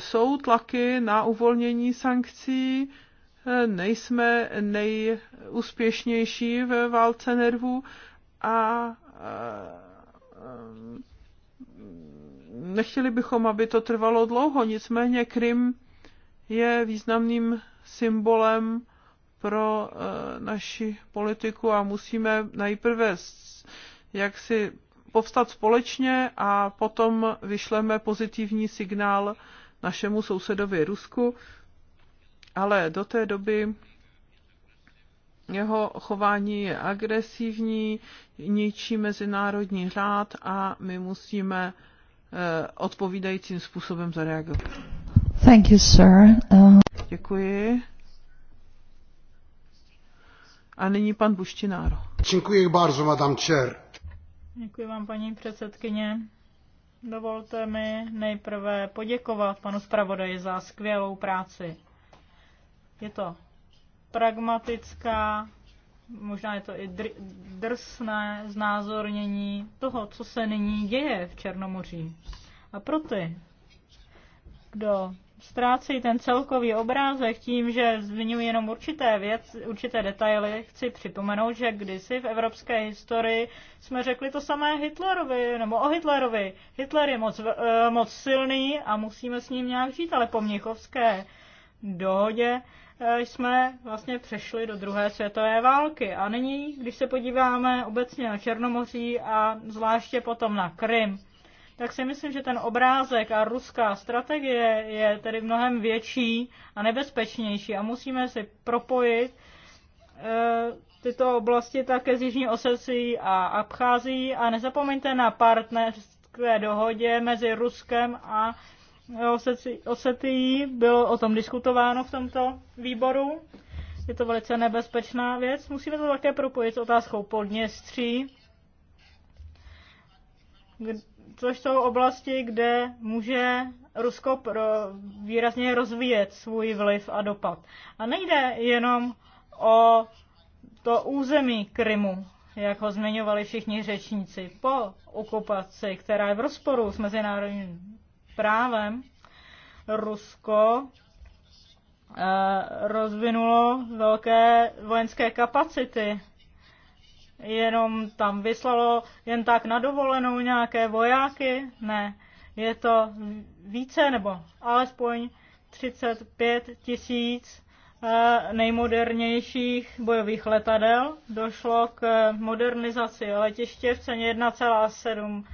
jsou tlaky na uvolnění sankcí, e, nejsme nejúspěšnější ve válce nervů a e, nechtěli bychom, aby to trvalo dlouho, nicméně Krym je významným symbolem pro naši politiku a musíme nejprve jak si povstat společně a potom vyšleme pozitivní signál našemu sousedovi Rusku, ale do té doby jeho chování je agresivní, ničí mezinárodní řád a my musíme eh, odpovídajícím způsobem zareagovat. Thank you, sir. Uh... Děkuji. A nyní pan Buštinár. Děkuji bardzo, madam chair. Děkuji vám, paní předsedkyně. Dovolte mi nejprve poděkovat panu zpravodaji za skvělou práci. Je to pragmatická, možná je to i dr- drsné znázornění toho, co se nyní děje v Černomoří. A pro ty, kdo ztrácí ten celkový obrázek tím, že zmiňuji jenom určité věc, určité detaily, chci připomenout, že kdysi v evropské historii jsme řekli to samé Hitlerovi, nebo o Hitlerovi. Hitler je moc, eh, moc silný a musíme s ním nějak žít, ale po měchovské dohodě eh, jsme vlastně přešli do druhé světové války. A nyní, když se podíváme obecně na Černomoří a zvláště potom na Krym, tak si myslím, že ten obrázek a ruská strategie je tedy mnohem větší a nebezpečnější a musíme si propojit eh, tyto oblasti také s Jižní Osecí a Abchází a nezapomeňte na partnerské dohodě mezi Ruskem a Osetií. Bylo o tom diskutováno v tomto výboru. Je to velice nebezpečná věc. Musíme to také propojit s otázkou Podněstří, Což jsou oblasti, kde může Rusko pro, výrazně rozvíjet svůj vliv a dopad. A nejde jenom o to území Krymu, jak ho zmiňovali všichni řečníci. Po okupaci, která je v rozporu s mezinárodním právem, Rusko eh, rozvinulo velké vojenské kapacity jenom tam vyslalo jen tak na dovolenou nějaké vojáky, ne. Je to více nebo alespoň 35 tisíc eh, nejmodernějších bojových letadel. Došlo k modernizaci letiště v ceně 1,7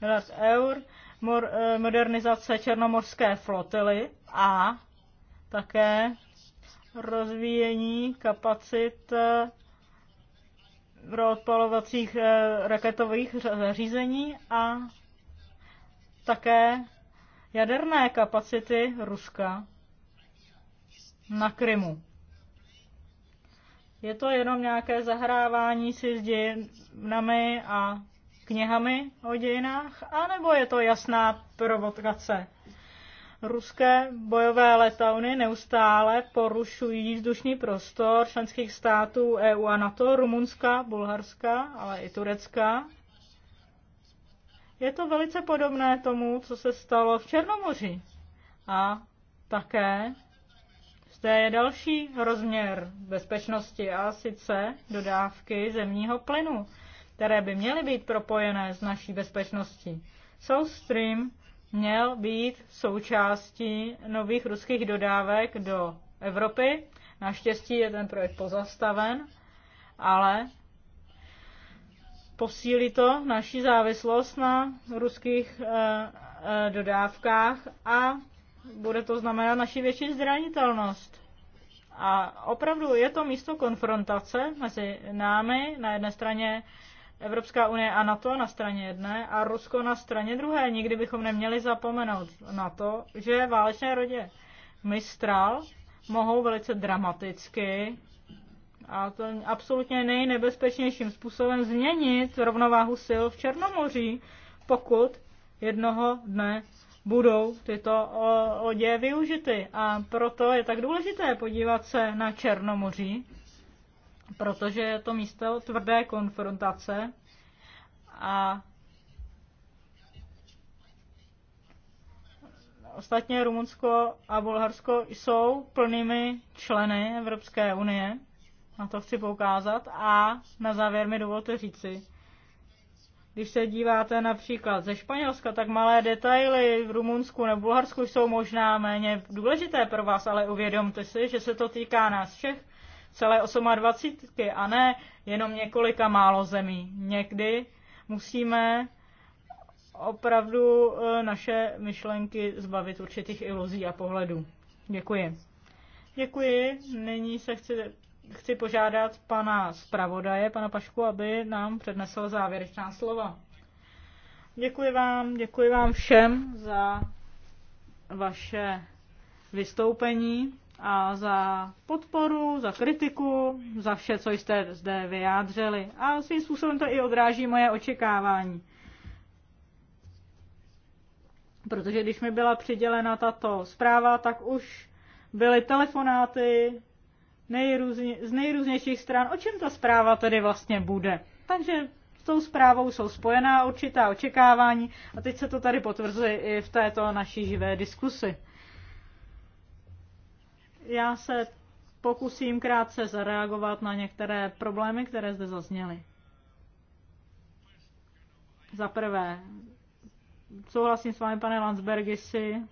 miliard eur, eh, modernizace černomorské flotily a také rozvíjení kapacit eh, odpalovacích eh, raketových zařízení a také jaderné kapacity Ruska na Krymu. Je to jenom nějaké zahrávání si s dějinami a knihami o dějinách, anebo je to jasná provokace? Ruské bojové letouny neustále porušují vzdušný prostor členských států EU a NATO, Rumunska, Bulharska, ale i Turecka. Je to velice podobné tomu, co se stalo v Černomoří. A také zde je další rozměr bezpečnosti a sice dodávky zemního plynu, které by měly být propojené s naší bezpečností. South Stream měl být součástí nových ruských dodávek do Evropy. Naštěstí je ten projekt pozastaven, ale posílí to naši závislost na ruských e, e, dodávkách a bude to znamenat naši větší zranitelnost. A opravdu je to místo konfrontace mezi námi, na jedné straně Evropská unie a NATO na straně jedné a Rusko na straně druhé. Nikdy bychom neměli zapomenout na to, že válečné rodě Mistral mohou velice dramaticky a to absolutně nejnebezpečnějším způsobem změnit rovnováhu sil v Černomoří, pokud jednoho dne budou tyto lodě využity. A proto je tak důležité podívat se na Černomoří protože je to místo tvrdé konfrontace a ostatně Rumunsko a Bulharsko jsou plnými členy Evropské unie, na to chci poukázat a na závěr mi dovolte říci, když se díváte například ze Španělska, tak malé detaily v Rumunsku nebo Bulharsku jsou možná méně důležité pro vás, ale uvědomte si, že se to týká nás všech celé 28 a ne jenom několika málo zemí. Někdy musíme opravdu e, naše myšlenky zbavit určitých iluzí a pohledů. Děkuji. Děkuji. Nyní se chci, chci požádat pana zpravodaje, pana Pašku, aby nám přednesl závěrečná slova. Děkuji vám, děkuji vám všem za vaše vystoupení a za podporu, za kritiku, za vše, co jste zde vyjádřili. A svým způsobem to i odráží moje očekávání. Protože když mi byla přidělena tato zpráva, tak už byly telefonáty nejrůzně, z nejrůznějších stran, o čem ta zpráva tedy vlastně bude. Takže s tou zprávou jsou spojená určitá očekávání a teď se to tady potvrzuje i v této naší živé diskusi. Já se pokusím krátce zareagovat na některé problémy, které zde zazněly. Za prvé, souhlasím s vámi, pane Landsbergisi,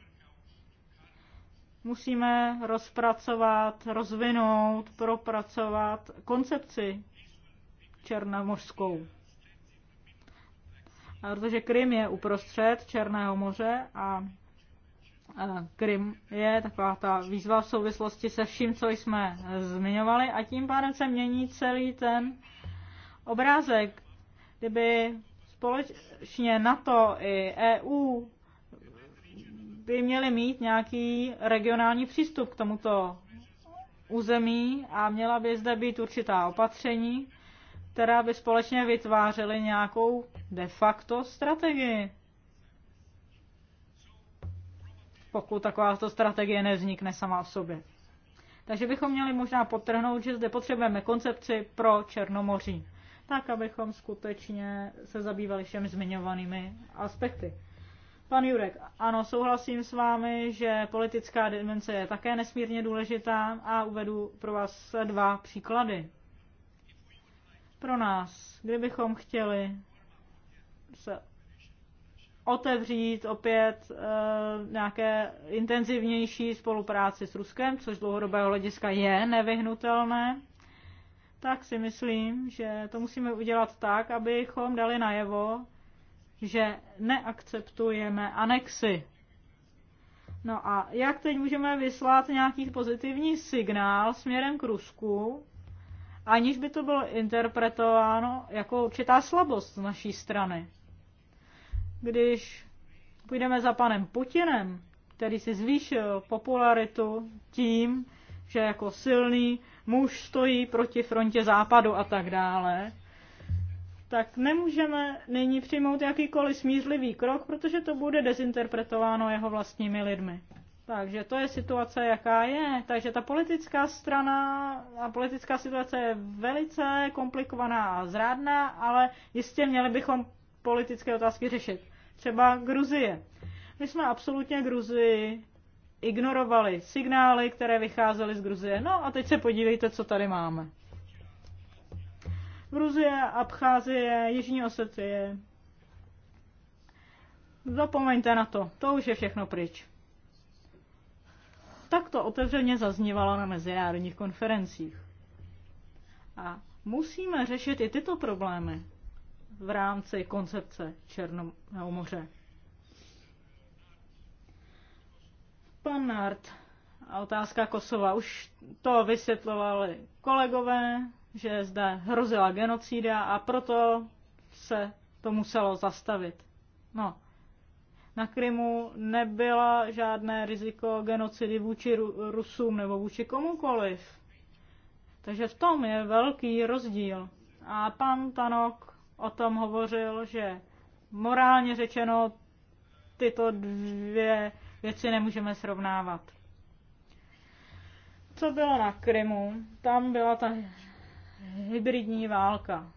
musíme rozpracovat, rozvinout, propracovat koncepci černomořskou. A protože Krym je uprostřed Černého moře a Eh, Krim je taková ta výzva v souvislosti se vším, co jsme zmiňovali a tím pádem se mění celý ten obrázek. Kdyby společně NATO i EU by měly mít nějaký regionální přístup k tomuto území a měla by zde být určitá opatření, která by společně vytvářely nějakou de facto strategii. pokud takováto strategie nevznikne sama v sobě. Takže bychom měli možná potrhnout, že zde potřebujeme koncepci pro Černomoří, tak abychom skutečně se zabývali všem zmiňovanými aspekty. Pan Jurek, ano, souhlasím s vámi, že politická dimenze je také nesmírně důležitá a uvedu pro vás dva příklady. Pro nás, kdybychom chtěli se otevřít opět eh, nějaké intenzivnější spolupráci s Ruskem, což dlouhodobého hlediska je nevyhnutelné, tak si myslím, že to musíme udělat tak, abychom dali najevo, že neakceptujeme anexy. No a jak teď můžeme vyslat nějaký pozitivní signál směrem k Rusku, aniž by to bylo interpretováno jako určitá slabost z naší strany? když půjdeme za panem Putinem, který si zvýšil popularitu tím, že jako silný muž stojí proti frontě západu a tak dále, tak nemůžeme nyní přijmout jakýkoliv smířlivý krok, protože to bude dezinterpretováno jeho vlastními lidmi. Takže to je situace, jaká je. Takže ta politická strana a politická situace je velice komplikovaná a zrádná, ale jistě měli bychom politické otázky řešit třeba Gruzie. My jsme absolutně Gruzii ignorovali signály, které vycházely z Gruzie. No a teď se podívejte, co tady máme. Gruzie, Abcházie, Jižní Osetie. Zapomeňte na to, to už je všechno pryč. Tak to otevřeně zaznívalo na mezinárodních konferencích. A musíme řešit i tyto problémy v rámci koncepce Černého moře. Pan Nart a otázka Kosova. Už to vysvětlovali kolegové, že zde hrozila genocída a proto se to muselo zastavit. No, na Krymu nebyla žádné riziko genocidy vůči Rusům nebo vůči komukoliv. Takže v tom je velký rozdíl. A pan Tanok o tom hovořil, že morálně řečeno tyto dvě věci nemůžeme srovnávat. Co bylo na Krymu? Tam byla ta hybridní válka,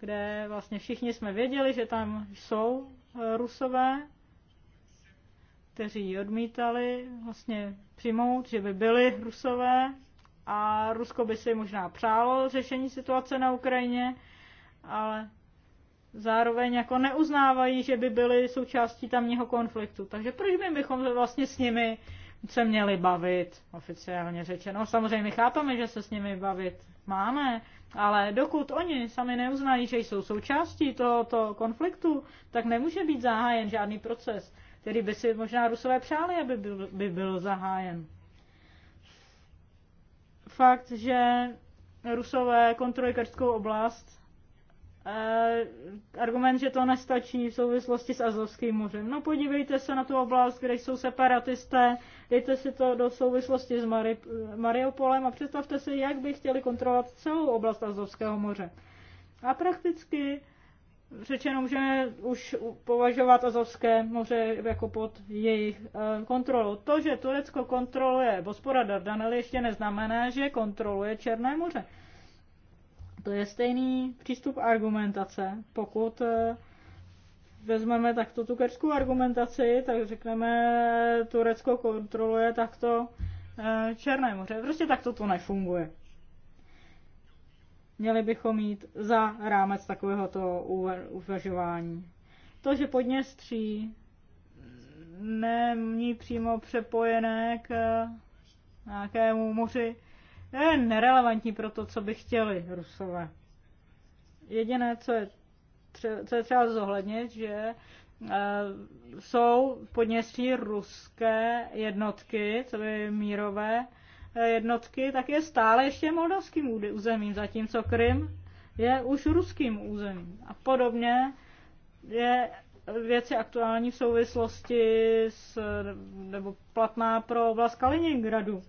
kde vlastně všichni jsme věděli, že tam jsou eh, rusové, kteří odmítali vlastně přijmout, že by byli rusové a Rusko by si možná přálo řešení situace na Ukrajině, ale zároveň jako neuznávají, že by byli součástí tamního konfliktu. Takže proč my bychom se vlastně s nimi se měli bavit, oficiálně řečeno. Samozřejmě chápeme, že se s nimi bavit máme, ale dokud oni sami neuznají, že jsou součástí tohoto konfliktu, tak nemůže být zahájen žádný proces, který by si možná Rusové přáli, aby byl, by byl zahájen. Fakt, že Rusové kontrolují Kerskou oblast, Eh, argument, že to nestačí v souvislosti s Azovským mořem. No podívejte se na tu oblast, kde jsou separatisté, dejte si to do souvislosti s Mari- Mariupolem a představte si, jak by chtěli kontrolovat celou oblast Azovského moře. A prakticky řečeno můžeme už považovat Azovské moře jako pod jejich eh, kontrolou. To, že Turecko kontroluje Bospora Dardanel, ještě neznamená, že kontroluje Černé moře. To je stejný přístup argumentace. Pokud eh, vezmeme takto tu tureckou argumentaci, tak řekneme, Turecko kontroluje takto eh, Černé moře. Prostě takto to nefunguje. Měli bychom mít za rámec takovéhoto uvažování. To, že Podněstří není přímo přepojené k eh, nějakému moři je nerelevantní pro to, co by chtěli Rusové. Jediné, co je, tře- co je třeba zohlednit, že eh, jsou v Podněstří ruské jednotky, co by mírové eh, jednotky, tak je stále ještě moldavským územím, zatímco Krym je už ruským územím. A podobně je věci aktuální v souvislosti s, nebo platná pro oblast Kaliningradu.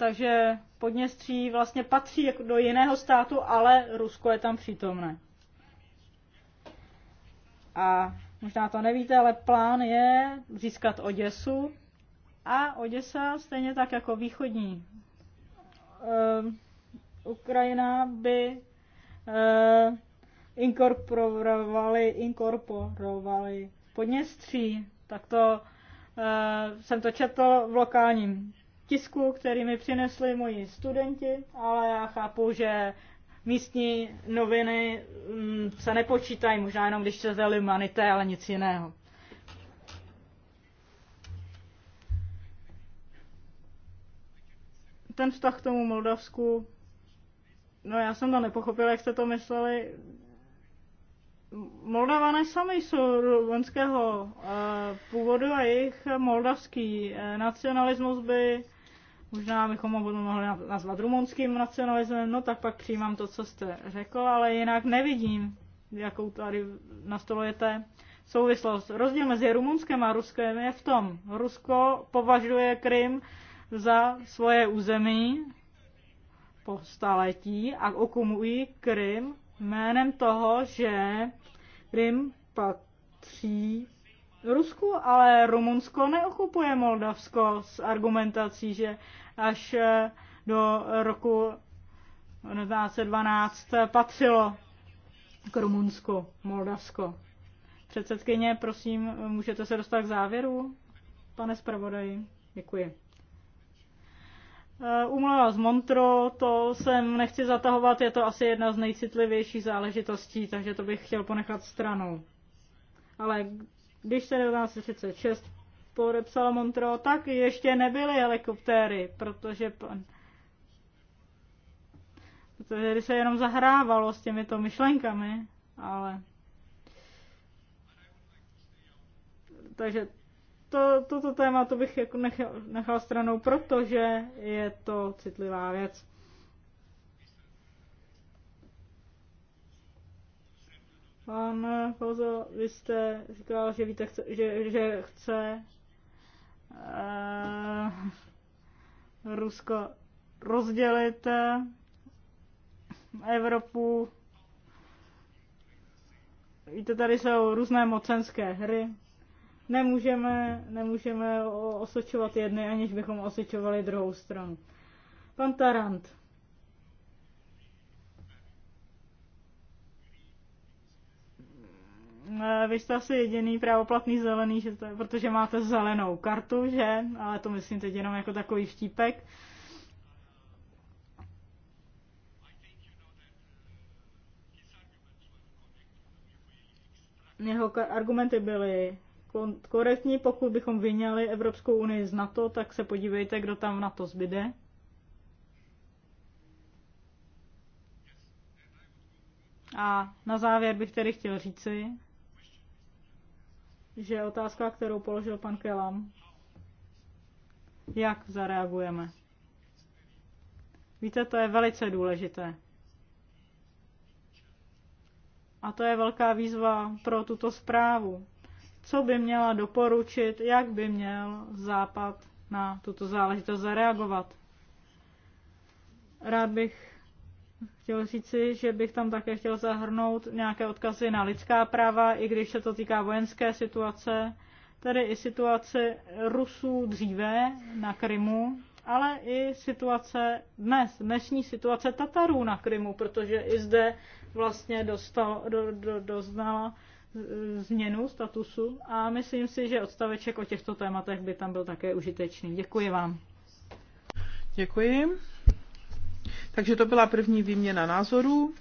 takže Podněstří vlastně patří jako do jiného státu, ale Rusko je tam přítomné. A možná to nevíte, ale plán je získat Oděsu a Oděsa stejně tak jako východní um, Ukrajina by uh, inkorporovali, inkorporovali Podněstří, tak to uh, jsem to četl v lokálním tisku, který mi přinesli moji studenti, ale já chápu, že místní noviny mm, se nepočítají, možná jenom když se zeli manité, ale nic jiného. Ten vztah k tomu Moldavsku, no já jsem to nepochopil, jak jste to mysleli. Moldavané sami jsou rumunského eh, původu a jejich moldavský eh, nacionalismus by Možná bychom ho mohli nazvat rumunským nacionalismem, no tak pak přijímám to, co jste řekl, ale jinak nevidím, jakou tady nastolujete souvislost. Rozdíl mezi rumunským a ruským je v tom, Rusko považuje Krym za svoje území po staletí a okumují Krym jménem toho, že Krym patří Rusku, ale Rumunsko neokupuje Moldavsko s argumentací, že až eh, do roku 1912 patřilo k Rumunsku, Moldavsko. Předsedkyně, prosím, můžete se dostat k závěru, pane zpravodaji? Děkuji. Eh, Umlova z Montro, to jsem nechci zatahovat, je to asi jedna z nejcitlivějších záležitostí, takže to bych chtěl ponechat stranou. Ale když se 1936 podepsal Montro, tak ještě nebyly helikoptéry, protože pan protože se jenom zahrávalo s těmito myšlenkami, ale takže to, toto téma to bych jako nechal, nechal stranou, protože je to citlivá věc. Pan Pozo, vy jste říkal, že víte, že, že chce uh, Rusko rozdělit eh, Evropu. Víte, tady jsou různé mocenské hry. Nemůžeme, nemůžeme osočovat jedny, aniž bychom osočovali druhou stranu. Pan Tarant. Eh, vy jste asi jediný právoplatný zelený, že to je, protože máte zelenou kartu, že? Ale to myslím teď jenom jako takový vtípek. Jeho argumenty byly korektní, pokud bychom vyněli Evropskou unii z NATO, tak se podívejte, kdo tam v NATO zbyde. A na závěr bych tedy chtěl říci, že otázka, kterou položil pan Kelam, jak zareagujeme. Víte, to je velice důležité. A to je velká výzva pro tuto zprávu. Co by měla doporučit, jak by měl Západ na tuto záležitost zareagovat? Rád bych chtěl říci, že bych tam také chtěl zahrnout nějaké odkazy na lidská práva, i když se to týká vojenské situace, tedy i situace Rusů dříve na Krymu, ale i situace dnes, dnešní situace Tatarů na Krymu, protože i zde vlastně dostal, do, do, doznala změnu statusu a myslím si, že odstaveček o těchto tématech by tam byl také užitečný. Děkuji vám. Děkuji. Takže to byla první výměna názorů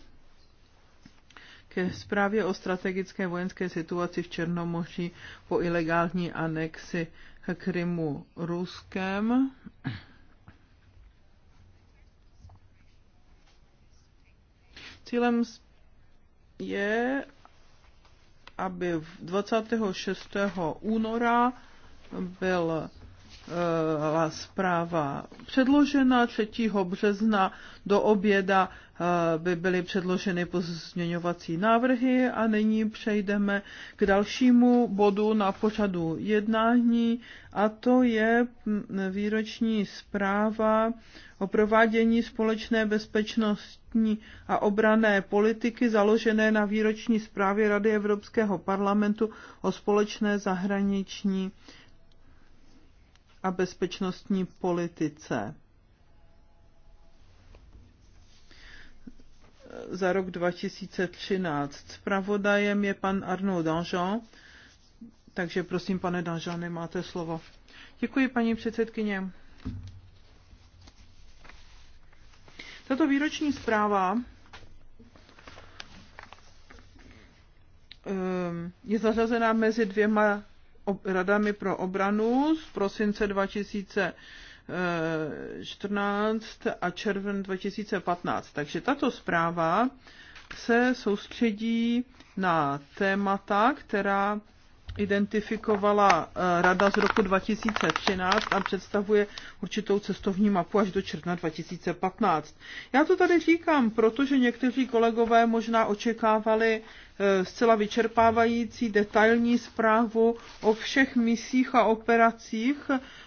ke zprávě o strategické vojenské situaci v Černomoří po ilegální anexi Krymu Ruskem. Cílem je, aby 26. února byl zpráva předložena 3. března do oběda eh, by byly předloženy pozměňovací návrhy a nyní přejdeme k dalšímu bodu na pořadu jednání a to je mm, výroční zpráva o provádění společné bezpečnostní a obrané politiky založené na výroční zprávě Rady Evropského parlamentu o společné zahraniční a bezpečnostní politice. za rok 2013. zpravodajem je pan Arnaud Danjean, takže prosím, pane Danjean, máte slovo. Děkuji, paní předsedkyně. Tato výroční zpráva ehm, je zařazená mezi dvěma radami pro obranu z prosince 2014 eh, a červen 2015. Takže tato zpráva se soustředí na témata, která identifikovala eh, Rada z roku 2013 a představuje určitou cestovní mapu až do června 2015. Já to tady říkám, protože někteří kolegové možná očekávali eh, zcela vyčerpávající detailní zprávu o všech misích a operacích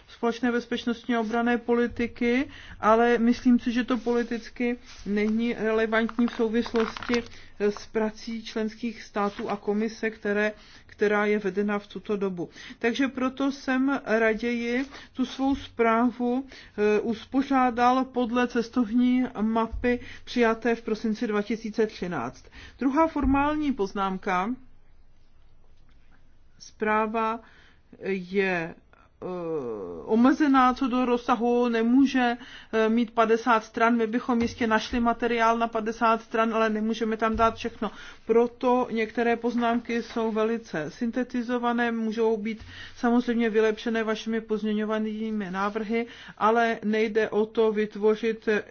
společné bezpečnostní obrané politiky, ale myslím si, že to politicky není relevantní v souvislosti Eh, s prací členských států a komise, které, která je vedena v tuto dobu. Takže proto jsem raději tu svou zprávu eh, uspořádal podle cestovní mapy přijaté v prosinci 2013. Druhá formální poznámka. Zpráva je Eh, omezená co do rozsahu, nemůže eh, mít 50 stran. My bychom jistě našli materiál na 50 stran, ale nemůžeme tam dát všechno. Proto některé poznámky jsou velice syntetizované, můžou být samozřejmě vylepšené vašimi pozměňovanými návrhy, ale nejde o to vytvořit eh,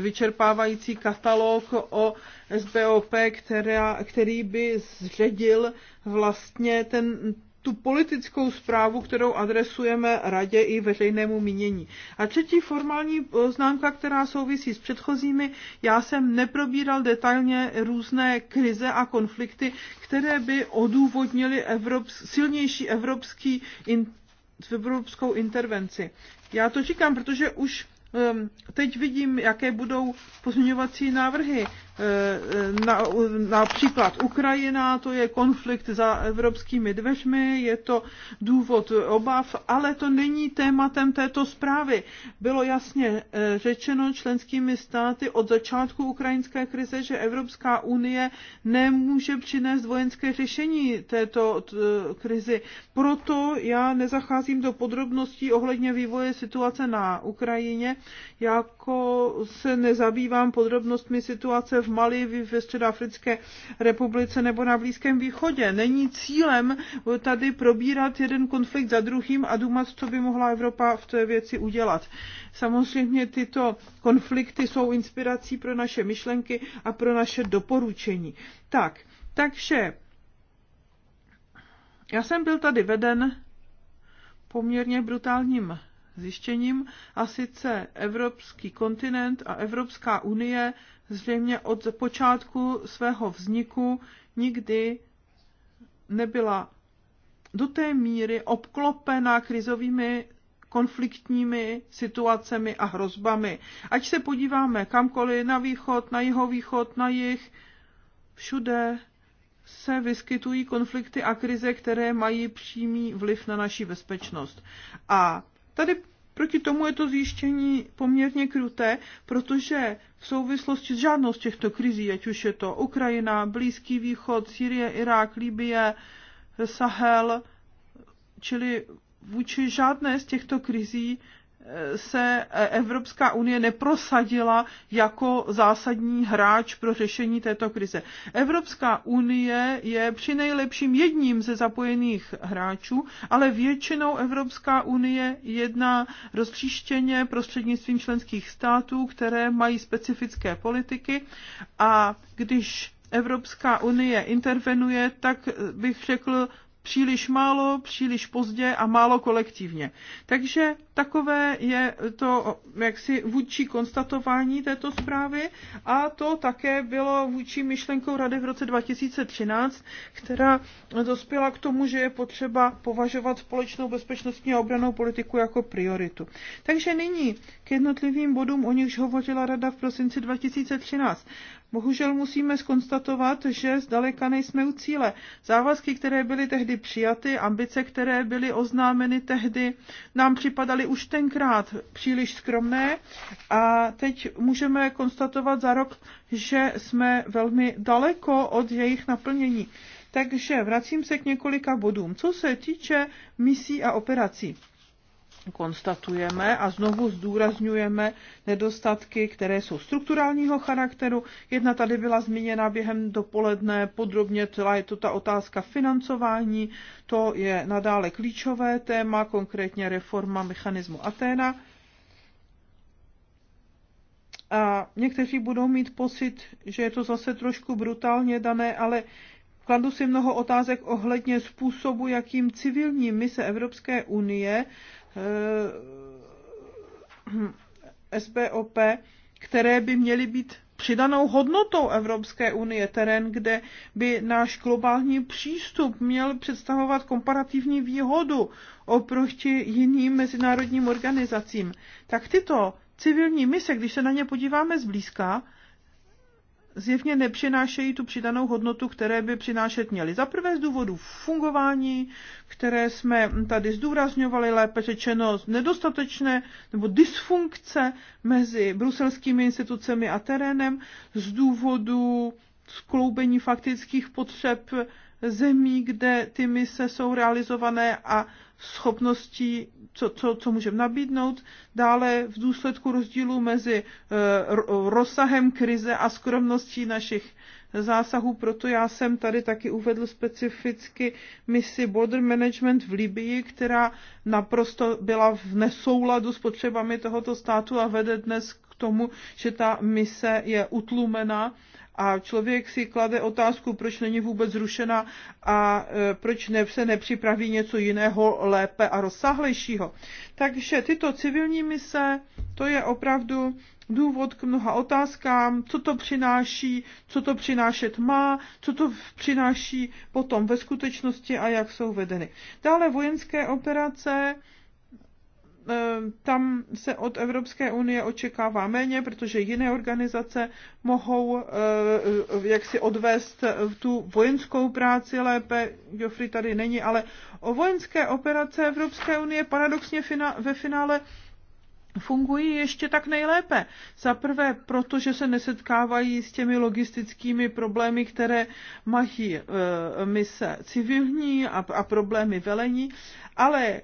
vyčerpávající katalog o SBOP, která, který by zředil vlastně ten tu politickou zprávu, kterou adresujeme radě i veřejnému mínění. A třetí formální známka, která souvisí s předchozími, já jsem neprobíral detailně různé krize a konflikty, které by odůvodnily evrops- silnější evropský in- evropskou intervenci. Já to říkám, protože už ehm, Teď vidím, jaké budou pozměňovací návrhy. Eh, na, například Ukrajina, to je konflikt za evropskými dveřmi, je to důvod obav, ale to není tématem této zprávy. Bylo jasně eh, řečeno členskými státy od začátku ukrajinské krize, že Evropská unie nemůže přinést vojenské řešení této eh, krizi. Proto já nezacházím do podrobností ohledně vývoje situace na Ukrajině, jako se nezabývám podrobnostmi situace v Mali, ve Středoafrické republice nebo na Blízkém východě. Není cílem tady probírat jeden konflikt za druhým a důmat, co by mohla Evropa v té věci udělat. Samozřejmě tyto konflikty jsou inspirací pro naše myšlenky a pro naše doporučení. Tak, takže já jsem byl tady veden poměrně brutálním zjištěním, a sice Evropský kontinent a Evropská unie zřejmě od počátku svého vzniku nikdy nebyla do té míry obklopena krizovými konfliktními situacemi a hrozbami. Ať se podíváme kamkoliv na východ, na jihovýchod, na jih, všude se vyskytují konflikty a krize, které mají přímý vliv na naši bezpečnost. A Tady proti tomu je to zjištění poměrně kruté, protože v souvislosti s žádnou z těchto krizí, ať už je to Ukrajina, Blízký východ, Sýrie, Irák, Libie, Sahel, čili vůči žádné z těchto krizí se Evropská unie neprosadila jako zásadní hráč pro řešení této krize. Evropská unie je při nejlepším jedním ze zapojených hráčů, ale většinou Evropská unie jedná rozstříštěně prostřednictvím členských států, které mají specifické politiky a když Evropská unie intervenuje, tak bych řekl příliš málo, příliš pozdě a málo kolektivně. Takže Takové je to jaksi vůči konstatování této zprávy a to také bylo vůči myšlenkou Rady v roce 2013, která dospěla k tomu, že je potřeba považovat společnou bezpečnostní a obranou politiku jako prioritu. Takže nyní k jednotlivým bodům, o nichž hovořila Rada v prosinci 2013. Bohužel musíme skonstatovat, že zdaleka nejsme u cíle. Závazky, které byly tehdy přijaty, ambice, které byly oznámeny tehdy, nám připadaly už tenkrát příliš skromné a teď můžeme konstatovat za rok, že jsme velmi daleko od jejich naplnění. Takže vracím se k několika bodům. Co se týče misí a operací konstatujeme a znovu zdůrazňujeme nedostatky, které jsou strukturálního charakteru. Jedna tady byla zmíněna během dopoledne podrobně, celá je to ta otázka financování, to je nadále klíčové téma, konkrétně reforma mechanismu Aténa. A někteří budou mít pocit, že je to zase trošku brutálně dané, ale Kladu si mnoho otázek ohledně způsobu, jakým civilní mise Evropské unie Eh, SBOP, které by měly být přidanou hodnotou Evropské unie, terén, kde by náš globální přístup měl představovat komparativní výhodu oproti jiným mezinárodním organizacím, tak tyto civilní mise, když se na ně podíváme zblízka, zjevně nepřinášejí tu přidanou hodnotu, které by přinášet měly. Za prvé z důvodu fungování, které jsme tady zdůrazňovali, lépe řečeno nedostatečné nebo dysfunkce mezi bruselskými institucemi a terénem, z důvodu skloubení faktických potřeb zemí, kde ty mise jsou realizované a schopností, co, co, co můžeme nabídnout. Dále v důsledku rozdílu mezi eh, rozsahem krize a skromností našich zásahů, proto já jsem tady taky uvedl specificky misi Border Management v Libii, která naprosto byla v nesouladu s potřebami tohoto státu a vede dnes k tomu, že ta mise je utlumena a člověk si klade otázku, proč není vůbec zrušena a e, proč ne, se nepřipraví něco jiného lépe a rozsáhlejšího. Takže tyto civilní mise, to je opravdu důvod k mnoha otázkám, co to přináší, co to přinášet má, co to přináší potom ve skutečnosti a jak jsou vedeny. Dále vojenské operace, Eh, tam se od Evropské unie očekává méně, protože jiné organizace mohou eh, jak si odvést eh, tu vojenskou práci lépe. Joffrey tady není, ale o vojenské operace Evropské unie paradoxně ve finále fungují ještě tak nejlépe. Za prvé, protože se nesetkávají s těmi logistickými problémy, které mají e, mise civilní a, a problémy velení, ale e,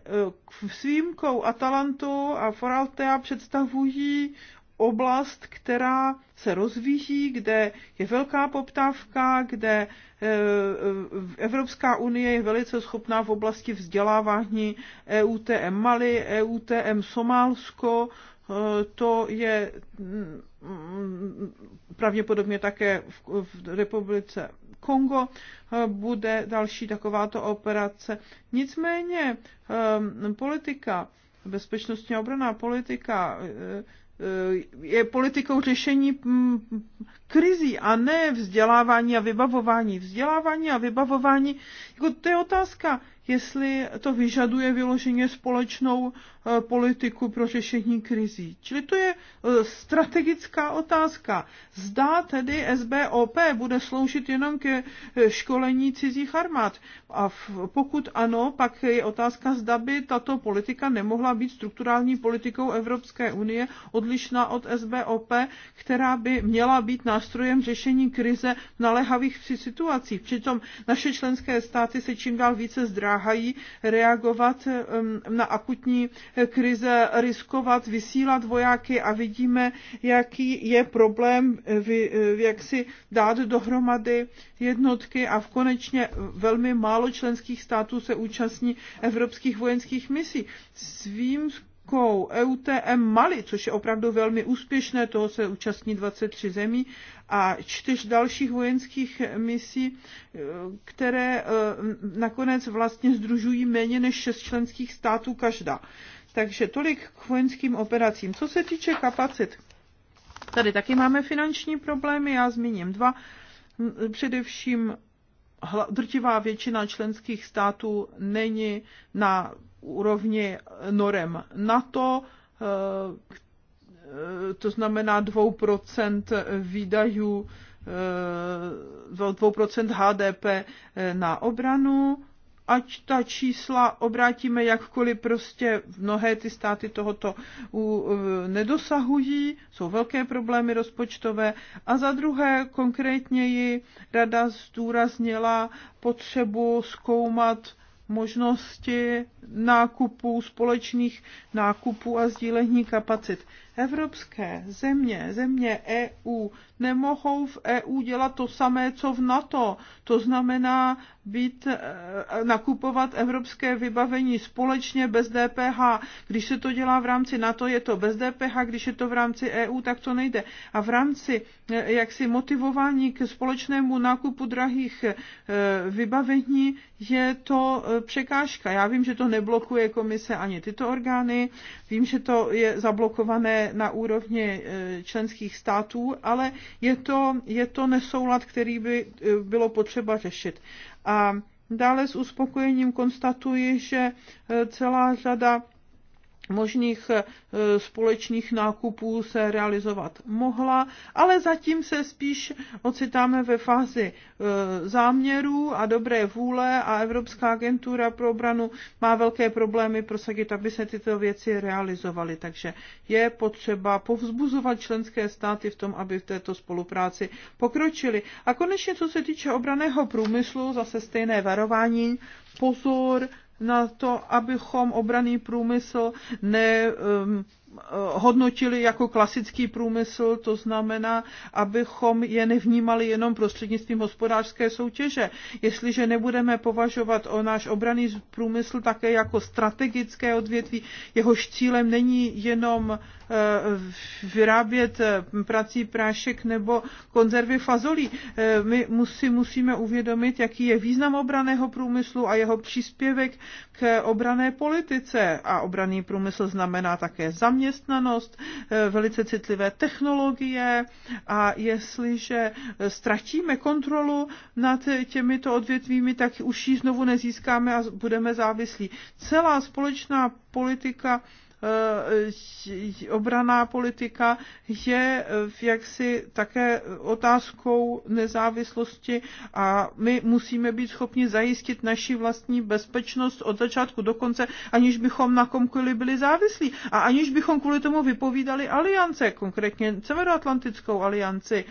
s výjimkou Atalantu a Foraltea představují oblast, která se rozvíjí, kde je velká poptávka, kde e, Evropská unie je velice schopná v oblasti vzdělávání EUTM Mali, EUTM Somálsko, e, to je mm, pravděpodobně také v, republice Kongo e, bude další takováto operace. Nicméně politika, bezpečnostní obraná politika Eh, je politikou řešení mm, krizí a ne vzdělávání a vybavování. Vzdělávání a vybavování, jako to je otázka, jestli to vyžaduje vyloženě společnou eh, politiku pro řešení krizí. Čili to je eh, strategická otázka. Zdá tedy SBOP bude sloužit jenom ke eh, školení cizích armád. A pokud ano, pak je otázka, zda by tato politika nemohla být strukturální politikou Evropské unie odlišná od SBOP, která by měla být na nástrojem řešení krize v naléhavých situacích. Přitom naše členské státy se čím dál více zdráhají reagovat um, na akutní krize, riskovat, vysílat vojáky a vidíme, jaký je problém, jak si dát dohromady jednotky a v konečně velmi málo členských států se účastní evropských vojenských misí. Svým Kou EUTM Mali, což je opravdu velmi úspěšné, toho se účastní 23 zemí a čtyř dalších vojenských misí, které eh, nakonec vlastně združují méně než šest členských států každá. Takže tolik k vojenským operacím. Co se týče kapacit, tady taky máme finanční problémy, já zmíním dva. Především drtivá většina členských států není na úrovni norem NATO, eh, to znamená 2% výdajů, 2% eh, HDP eh, na obranu, ať ta čísla obrátíme jakkoliv, prostě mnohé ty státy tohoto nedosahují, jsou velké problémy rozpočtové. A za druhé, konkrétněji, rada zdůraznila potřebu zkoumat možnosti nákupů, společných nákupů a sdílení kapacit. Evropské země, země EU, nemohou v EU dělat to samé, co v NATO. To znamená být, eh, nakupovat evropské vybavení společně bez DPH. Když se to dělá v rámci NATO, je to bez DPH, když je to v rámci EU, tak to nejde. A v rámci eh, jaksi motivování k společnému nákupu drahých eh, vybavení je to překážka. Já vím, že to neblokuje komise ani tyto orgány, vím, že to je zablokované na úrovni e, členských států, ale je to, je to nesoulad, který by e, bylo potřeba řešit. A dále s uspokojením konstatuji, že e, celá řada možných eh, společných nákupů se realizovat mohla, ale zatím se spíš ocitáme ve fázi eh, záměrů a dobré vůle a Evropská agentura pro obranu má velké problémy prosadit, aby se tyto věci realizovaly. Takže je potřeba povzbuzovat členské státy v tom, aby v této spolupráci pokročili. A konečně, co se týče obraného průmyslu, zase stejné varování, pozor, na to, abychom obraný průmysl ne um, eh, hodnotili jako klasický průmysl, to znamená, abychom je nevnímali jenom prostřednictvím hospodářské soutěže. Jestliže nebudeme považovat o náš obraný průmysl také jako strategické odvětví, jehož cílem není jenom Eh, vyrábět eh, prací prášek nebo konzervy fazolí. Eh, my musí musíme uvědomit, jaký je význam obraného průmyslu a jeho příspěvek k obrané politice. A obraný průmysl znamená také zaměstnanost, velice citlivé technologie a jestliže ztratíme kontrolu nad těmito odvětvími, tak už ji znovu nezískáme a budeme závislí. Celá společná politika Eh, obraná politika je eh, jaksi také otázkou nezávislosti a my musíme být schopni zajistit naši vlastní bezpečnost od začátku do konce, aniž bychom na komkoliv byli závislí a aniž bychom kvůli tomu vypovídali aliance, konkrétně Severoatlantickou alianci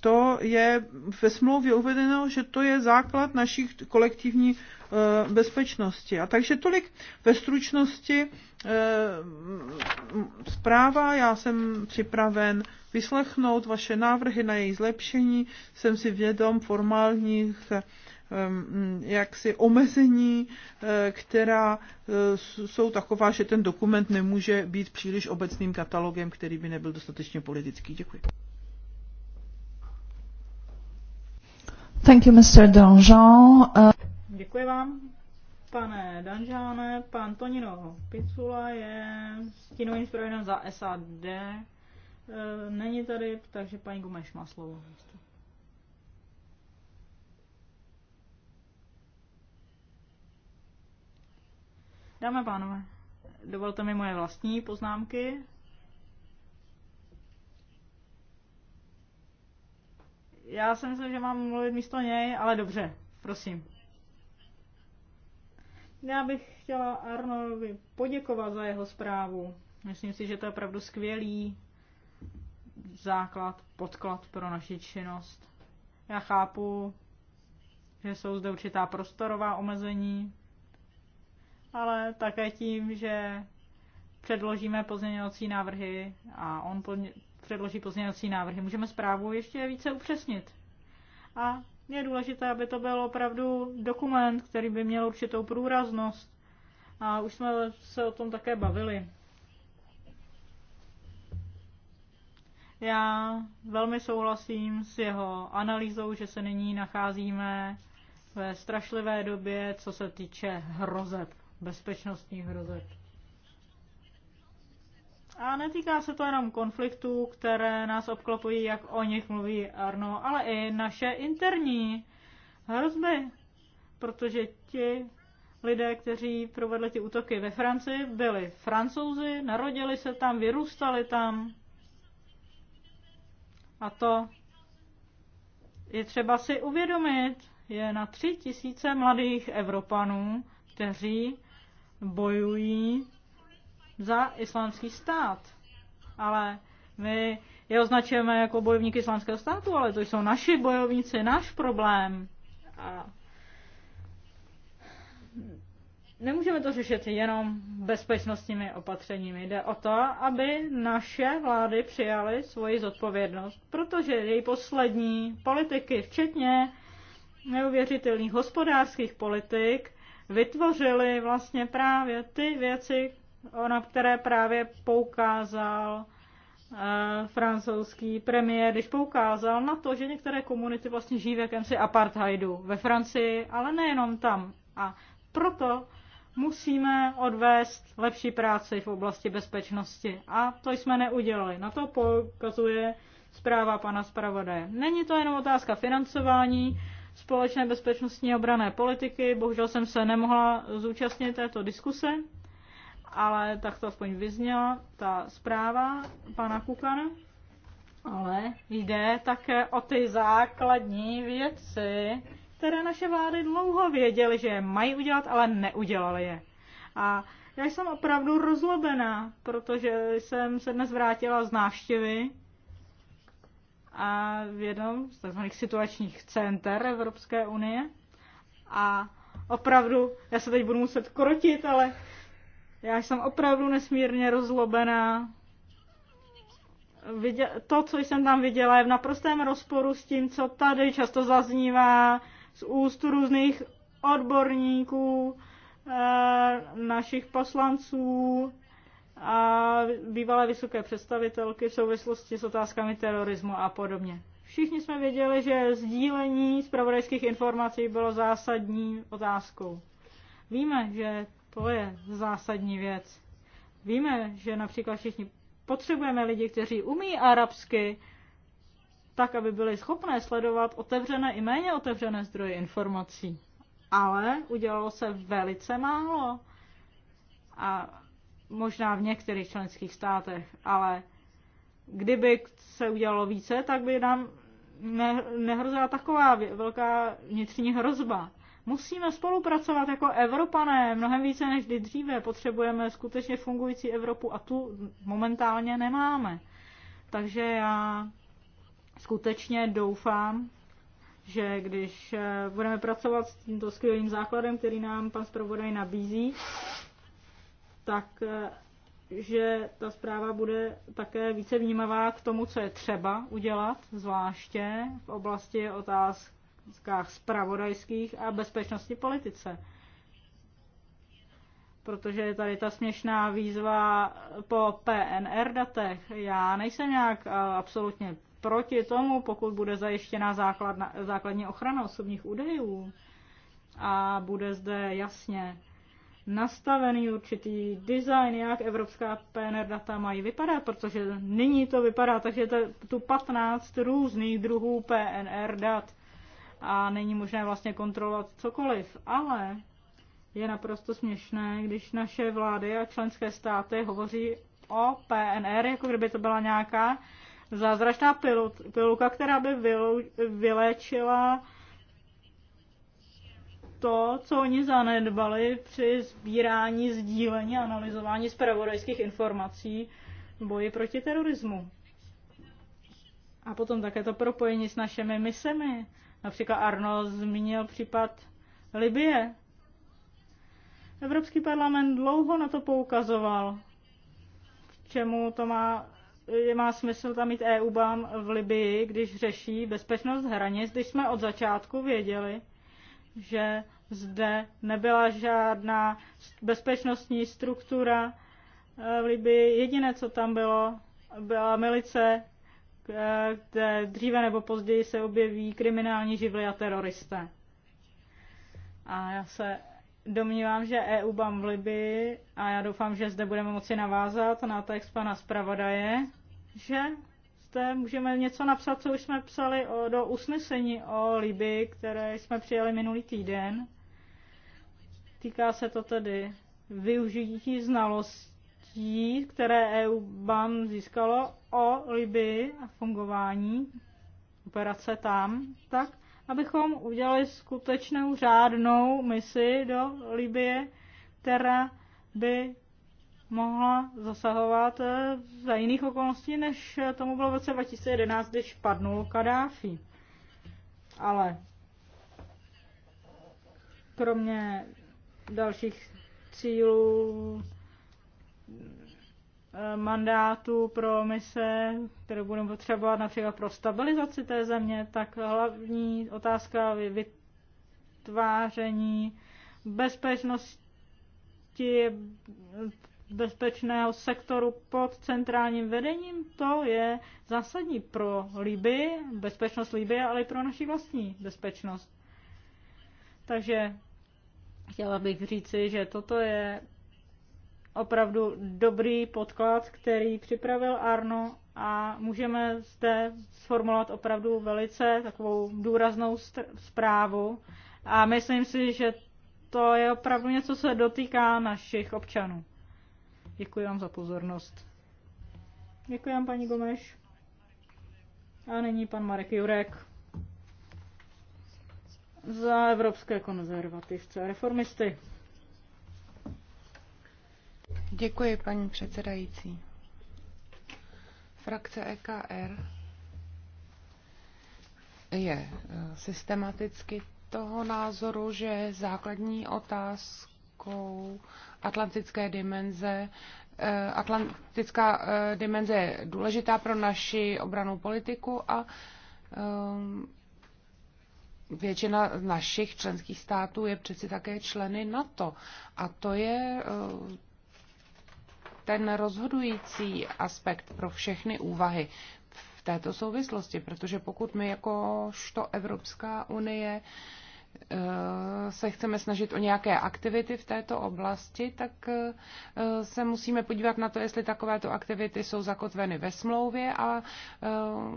to je ve smlouvě uvedeno, že to je základ našich kolektivní Eh, bezpečnosti. A takže tolik ve stručnosti eh, zpráva. Já jsem připraven vyslechnout vaše návrhy na její zlepšení. Jsem si vědom formálních eh, jaksi omezení, která jsou taková, že ten dokument nemůže být příliš obecným katalogem, který by nebyl dostatečně politický. Děkuji. Thank you, Mr. Donjon. Uh... Děkuji vám, pane Danžáne. Pan Tonino Picula je stínovým zpravodajem za SAD. E, není tady, takže paní Gumeš má slovo. Dámy a pánové, dovolte mi moje vlastní poznámky. Já si myslím, že mám mluvit místo něj, ale dobře, prosím. Já bych chtěla Arnoldovi poděkovat za jeho zprávu. Myslím si, že to je opravdu skvělý základ, podklad pro naši činnost. Já chápu, že jsou zde určitá prostorová omezení, ale také tím, že předložíme pozměňovací návrhy a on podně- předloží pozměňovací návrhy, můžeme zprávu ještě více upřesnit. A je důležité, aby to byl opravdu dokument, který by měl určitou průraznost. A už jsme se o tom také bavili. Já velmi souhlasím s jeho analýzou, že se nyní nacházíme ve strašlivé době, co se týče hrozeb, bezpečnostních hrozeb. A netýká se to jenom konfliktů, které nás obklopují, jak o nich mluví Arno, ale i naše interní hrozby. Protože ti lidé, kteří provedli ty útoky ve Francii, byli francouzi, narodili se tam, vyrůstali tam. A to je třeba si uvědomit, je na tři tisíce mladých Evropanů, kteří bojují za islámský stát. Ale my je označujeme jako bojovníky islámského státu, ale to jsou naši bojovníci, náš problém. A nemůžeme to řešit jenom bezpečnostními opatřeními. Jde o to, aby naše vlády přijaly svoji zodpovědnost, protože její poslední politiky, včetně neuvěřitelných hospodářských politik, vytvořily vlastně právě ty věci, na které právě poukázal eh, francouzský premiér, když poukázal na to, že některé komunity vlastně žijí v jakémsi apartheidu ve Francii, ale nejenom tam. A proto musíme odvést lepší práci v oblasti bezpečnosti. A to jsme neudělali. Na to poukazuje zpráva pana zpravodaje. Není to jenom otázka financování společné bezpečnostní obrané politiky. Bohužel jsem se nemohla zúčastnit této diskuse, ale tak to aspoň vyzněla ta zpráva pana Kukana. Ale jde také o ty základní věci, které naše vlády dlouho věděly, že mají udělat, ale neudělali je. A já jsem opravdu rozlobená, protože jsem se dnes vrátila z návštěvy a v jednom z tzv. situačních center Evropské unie. A opravdu, já se teď budu muset krotit, ale já jsem opravdu nesmírně rozlobená. Vidě- to, co jsem tam viděla, je v naprostém rozporu s tím, co tady často zaznívá z úst různých odborníků, eh, našich poslanců a bývalé vysoké představitelky v souvislosti s otázkami terorismu a podobně. Všichni jsme věděli, že sdílení zpravodajských informací bylo zásadní otázkou. Víme, že to je zásadní věc. Víme, že například všichni potřebujeme lidi, kteří umí arabsky, tak, aby byli schopné sledovat otevřené i méně otevřené zdroje informací. Ale udělalo se velice málo. A možná v některých členských státech, ale kdyby se udělalo více, tak by nám nehrozila taková velká vnitřní hrozba. Musíme spolupracovat jako Evropané mnohem více než kdy dříve. Potřebujeme skutečně fungující Evropu a tu momentálně nemáme. Takže já skutečně doufám, že když eh, budeme pracovat s tímto skvělým základem, který nám pan zpravodaj nabízí, tak eh, že ta zpráva bude také více vnímavá k tomu, co je třeba udělat, zvláště v oblasti otázky otázkách spravodajských a bezpečnostní politice. Protože je tady ta směšná výzva po PNR datech. Já nejsem nějak eh, absolutně proti tomu, pokud bude zajištěna základna, základní ochrana osobních údajů a bude zde jasně nastavený určitý design, jak evropská PNR data mají vypadat, protože nyní to vypadá, takže to, tu 15 různých druhů PNR dat a není možné vlastně kontrolovat cokoliv. Ale je naprosto směšné, když naše vlády a členské státy hovoří o PNR, jako kdyby to byla nějaká zázračná pilulka, která by vyléčila to, co oni zanedbali při sbírání, sdílení a analyzování zpravodajských informací v boji proti terorismu. A potom také to propojení s našimi misemi, Například Arno zmínil případ Libie. Evropský parlament dlouho na to poukazoval, k čemu to má, má smysl tam mít EU bám v Libii, když řeší bezpečnost hranic, když jsme od začátku věděli, že zde nebyla žádná bezpečnostní struktura eh, v Libii. Jediné, co tam bylo, byla milice kde eh, dříve nebo později se objeví kriminální živly a teroristé. A já se domnívám, že EU bám v Libii, a já doufám, že zde budeme moci navázat na text pana zpravodaje, že zde můžeme něco napsat, co už jsme psali o, do usnesení o Libii, které jsme přijali minulý týden. Týká se to tedy využití znalostí informací, které EU BAM získalo o Libii a fungování operace tam, tak abychom udělali skutečnou řádnou misi do Libie, která by mohla zasahovat eh, za jiných okolností, než tomu bylo v roce 2011, když padnul Kadáfi. Ale kromě dalších cílů Eh, mandátu pro mise, kterou budeme potřebovat například pro stabilizaci té země, tak hlavní otázka vytváření bezpečnosti, bezpečného sektoru pod centrálním vedením, to je zásadní pro Liby, bezpečnost Liby, ale i pro naši vlastní bezpečnost. Takže chtěla bych říci, že toto je opravdu dobrý podklad, který připravil Arno a můžeme zde sformulovat opravdu velice takovou důraznou zprávu a myslím si, že to je opravdu něco, co se dotýká našich občanů. Děkuji vám za pozornost. Děkuji vám, paní Gomeš. A nyní pan Marek Jurek za evropské konzervativce a reformisty. Děkuji, paní předsedající. Frakce EKR je eh, systematicky toho názoru, že základní otázkou atlantické dimenze eh, Atlantická eh, dimenze je důležitá pro naši obranou politiku a většina našich členských států je přeci také členy NATO. A to je ten rozhodující aspekt pro všechny úvahy v této souvislosti, protože pokud my jakožto Evropská unie se chceme snažit o nějaké aktivity v této oblasti, tak eh, se musíme podívat na to, jestli takovéto aktivity jsou zakotveny ve smlouvě a eh,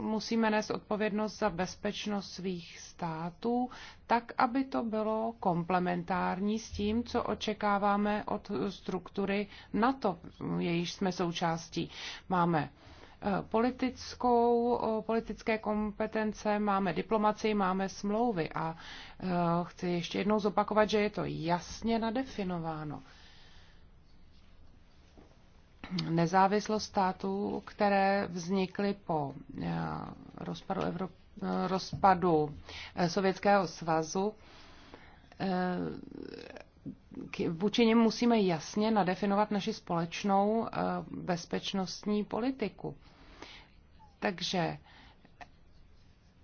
musíme nést odpovědnost za bezpečnost svých států, tak, aby to bylo komplementární s tím, co očekáváme od struktury NATO, jejíž jsme součástí. Máme politickou, politické kompetence, máme diplomaci, máme smlouvy a e, chci ještě jednou zopakovat, že je to jasně nadefinováno. Nezávislost států, které vznikly po e, rozpadu, Evrop, e, rozpadu Sovětského svazu, vůči něm musíme jasně nadefinovat naši společnou bezpečnostní politiku. Takže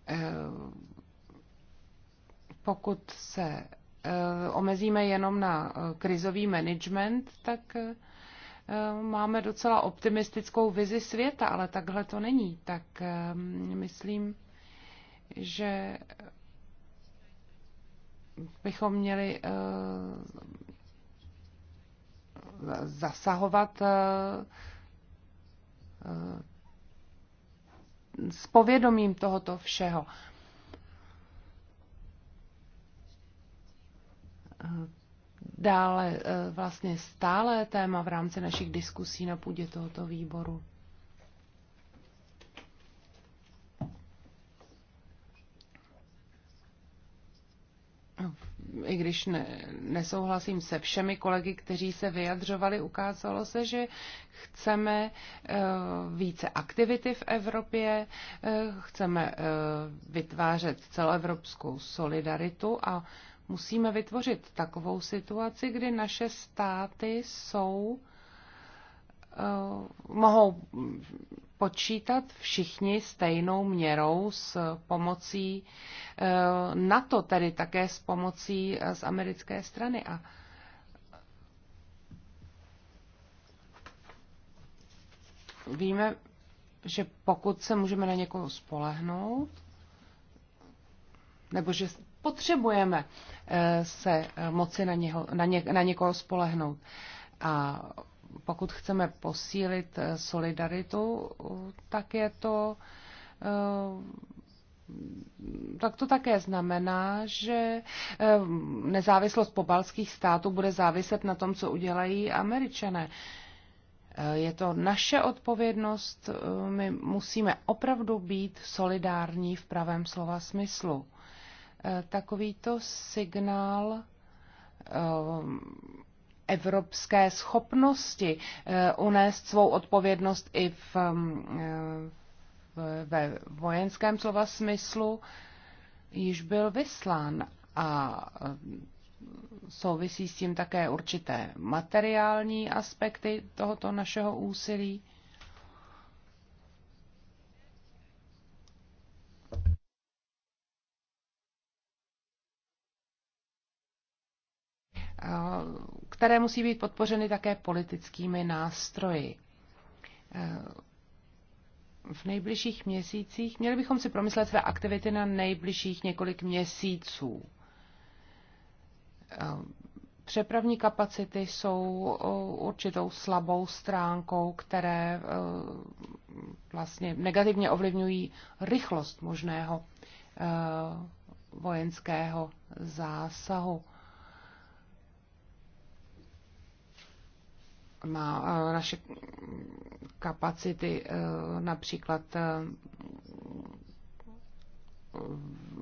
eh, pokud se eh, omezíme jenom na eh, krizový management, tak máme docela optimistickou vizi světa, ale takhle to není. Tak myslím, že bychom měli zasahovat s povědomím tohoto všeho. Dále eh, vlastně stále téma v rámci našich diskusí na půdě tohoto výboru. V no, i když ne, nesouhlasím se všemi kolegy, kteří se vyjadřovali, ukázalo se, že chceme eh, více aktivity v Evropě, eh, chceme eh, vytvářet celoevropskou solidaritu a musíme vytvořit takovou situaci, kdy naše státy jsou Eh, mohou počítat všichni stejnou měrou s pomocí eh, NATO, tedy také s pomocí eh, z americké strany. A víme, že pokud se můžeme na někoho spolehnout, nebo že potřebujeme se moci na, něho, na, ně, na někoho spolehnout. A pokud chceme posílit eh, solidaritu, tak je to eh, tak to také znamená, že eh, nezávislost pobalských států bude záviset na tom, co udělají američané. Je to naše odpovědnost, my musíme opravdu být solidární v pravém slova smyslu. Takovýto signál evropské schopnosti eh, unést svou odpovědnost i mm, eh, v, ve vojenském slova smyslu již byl vyslán a eh, souvisí s tím také určité materiální aspekty tohoto našeho úsilí které musí být podpořeny také politickými nástroji. Eh, v nejbližších měsících měli bychom si promyslet své aktivity na nejbližších několik měsíců. Eh, přepravní kapacity jsou eh, určitou slabou stránkou, které vlastně negativně ovlivňují rychlost možného vojenského zásahu. má eh, naše kapacity eh, například eh,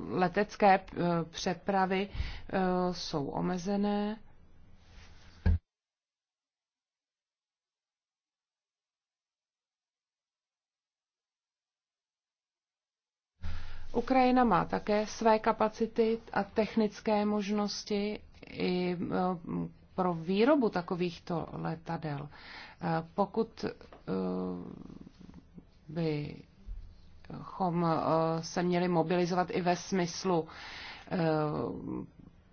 letecké přepravy jsou omezené. Ukrajina má také své kapacity a technické možnosti i pro výrobu takovýchto letadel. Eh, pokud eh, bychom eh, se měli mobilizovat i ve smyslu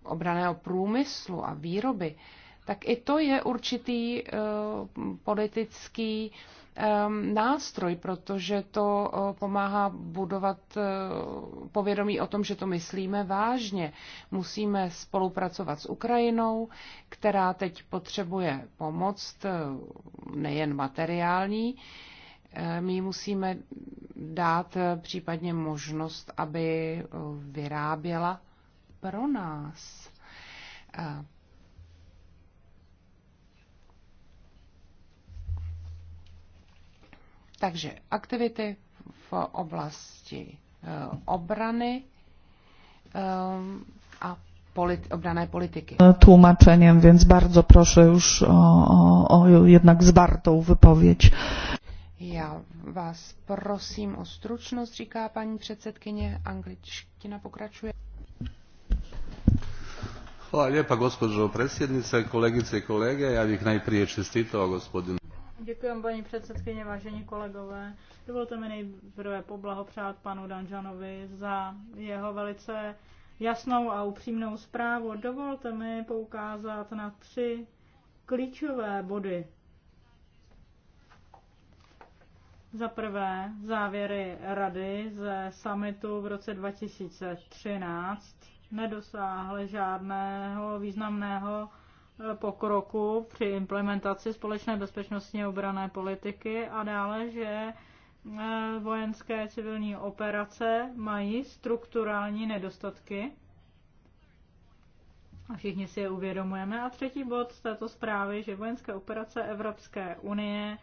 obraného průmyslu a výroby, tak i to je určitý politický Ehm, nástroj, protože to pomáhá budovat e, povědomí o tom, že to myslíme vážně. Musíme spolupracovat s Ukrajinou, která teď potřebuje pomoc, nejen materiální. E, my musíme dát e, případně možnost, aby vyráběla pro nás Takže aktivity v oblasti eh, obrany eh, a politi- obrané politiky. Eh, Tłumaczeniem, więc bardzo proszę już o, o, o jednak zwartą wypowiedź. Já vás prosím o stručnost, říká paní předsedkyně. Angličtina pokračuje. Hvala lijepa gospođo predsjednice, kolegice i kolege. Ja bih najprije čestitao gospodinu Děkuji, paní předsedkyně, vážení kolegové. Dovolte mi nejprve poblahopřát panu Danžanovi za jeho velice jasnou a upřímnou zprávu. Dovolte mi poukázat na tři klíčové body. Za prvé závěry rady ze summitu v roce 2013 nedosáhly žádného významného pokroku při implementaci společné bezpečnostní obrané politiky a dále, že eh, vojenské civilní operace mají strukturální nedostatky. A všichni si je uvědomujeme. A třetí bod z této zprávy, že vojenské operace Evropské unie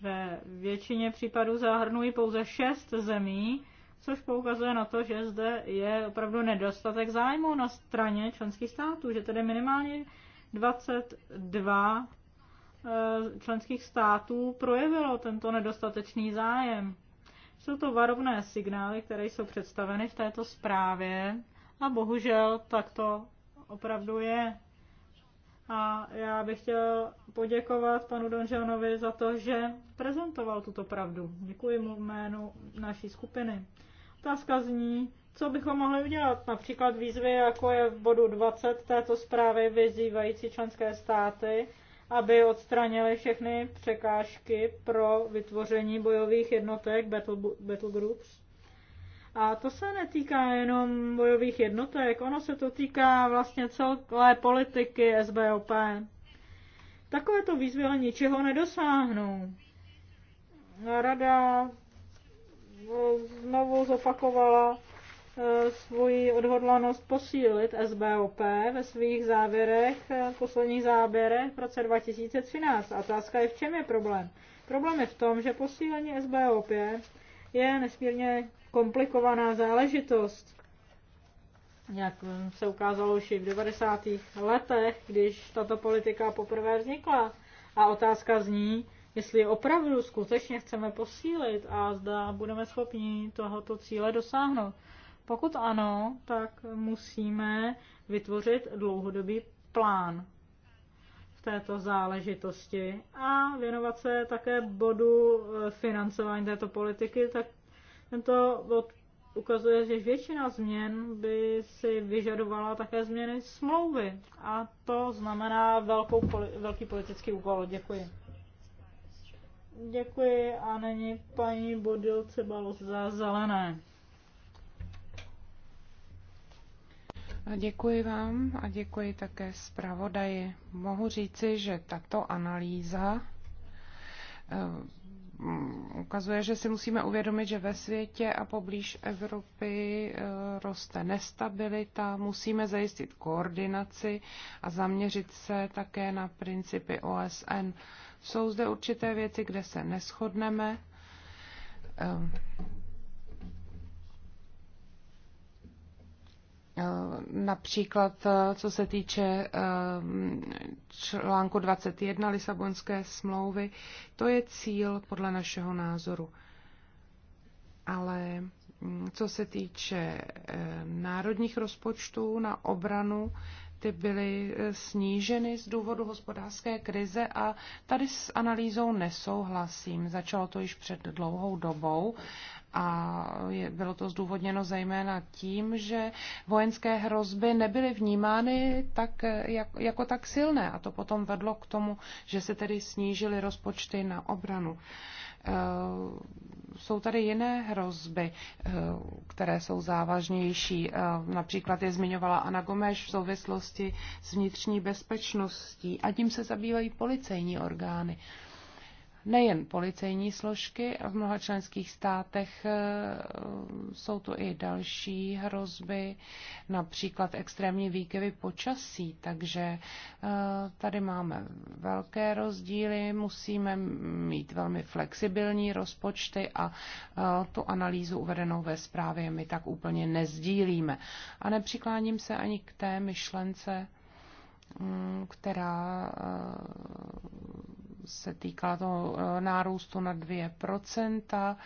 ve většině případů zahrnují pouze šest zemí, což poukazuje na to, že zde je opravdu nedostatek zájmu na straně členských států, že tedy minimálně 22 eh, členských států projevilo tento nedostatečný zájem. Jsou to varovné signály, které jsou představeny v této zprávě a bohužel tak to opravdu je. A já bych chtěl poděkovat panu Donžanovi za to, že prezentoval tuto pravdu. Děkuji mu jménu naší skupiny. Otázka zní, co bychom mohli udělat? Například výzvy, jako je v bodu 20 této zprávy vyzývající členské státy, aby odstranili všechny překážky pro vytvoření bojových jednotek battle, battle groups. A to se netýká jenom bojových jednotek, ono se to týká vlastně celé politiky SBOP. Takovéto výzvy ale ničeho nedosáhnou. Rada znovu zopakovala Eh, svoji odhodlanost posílit SBOP ve svých závěrech, eh, posledních záběrech v roce 2013. A otázka je, v čem je problém. Problém je v tom, že posílení SBOP je nesmírně komplikovaná záležitost. Jak eh, se ukázalo už i v 90. letech, když tato politika poprvé vznikla. A otázka zní, jestli opravdu skutečně chceme posílit a zda budeme schopni tohoto cíle dosáhnout. Pokud ano, tak musíme vytvořit dlouhodobý plán v této záležitosti a věnovat se také bodu eh, financování této politiky, tak tento bod ukazuje, že většina změn by si vyžadovala také změny smlouvy. A to znamená velkou, velký politický úkol. Děkuji. Děkuji a není paní Bodil Cebalos za zelené. Děkuji vám a děkuji také zpravodaji. Mohu říci, že tato analýza eh, ukazuje, že si musíme uvědomit, že ve světě a poblíž Evropy eh, roste nestabilita, musíme zajistit koordinaci a zaměřit se také na principy OSN. Jsou zde určité věci, kde se neschodneme eh, Eh, například eh, co se týče eh, článku 21 Lisabonské smlouvy, to je cíl podle našeho názoru. Ale hm, co se týče národních rozpočtů na obranu, ty byly sníženy z důvodu hospodářské krize a tady s analýzou nesouhlasím. Začalo to již před dlouhou dobou a je, bylo to zdůvodněno zejména tím, že vojenské hrozby nebyly vnímány tak, jak, jako tak silné. A to potom vedlo k tomu, že se tedy snížily rozpočty na obranu. Eh, jsou tady jiné hrozby, eh, které jsou závažnější. Eh, například je zmiňovala Ana Gomeš v souvislosti s vnitřní bezpečností a tím se zabývají policejní orgány nejen policejní složky, v mnoha členských státech eh, jsou tu i další hrozby, například extrémní výkyvy počasí, takže eh, tady máme velké rozdíly, musíme mít velmi flexibilní rozpočty a eh, tu analýzu uvedenou ve zprávě my tak úplně nezdílíme. A nepřikláním se ani k té myšlence, mm, která se týkala toho eh, nárůstu na 2%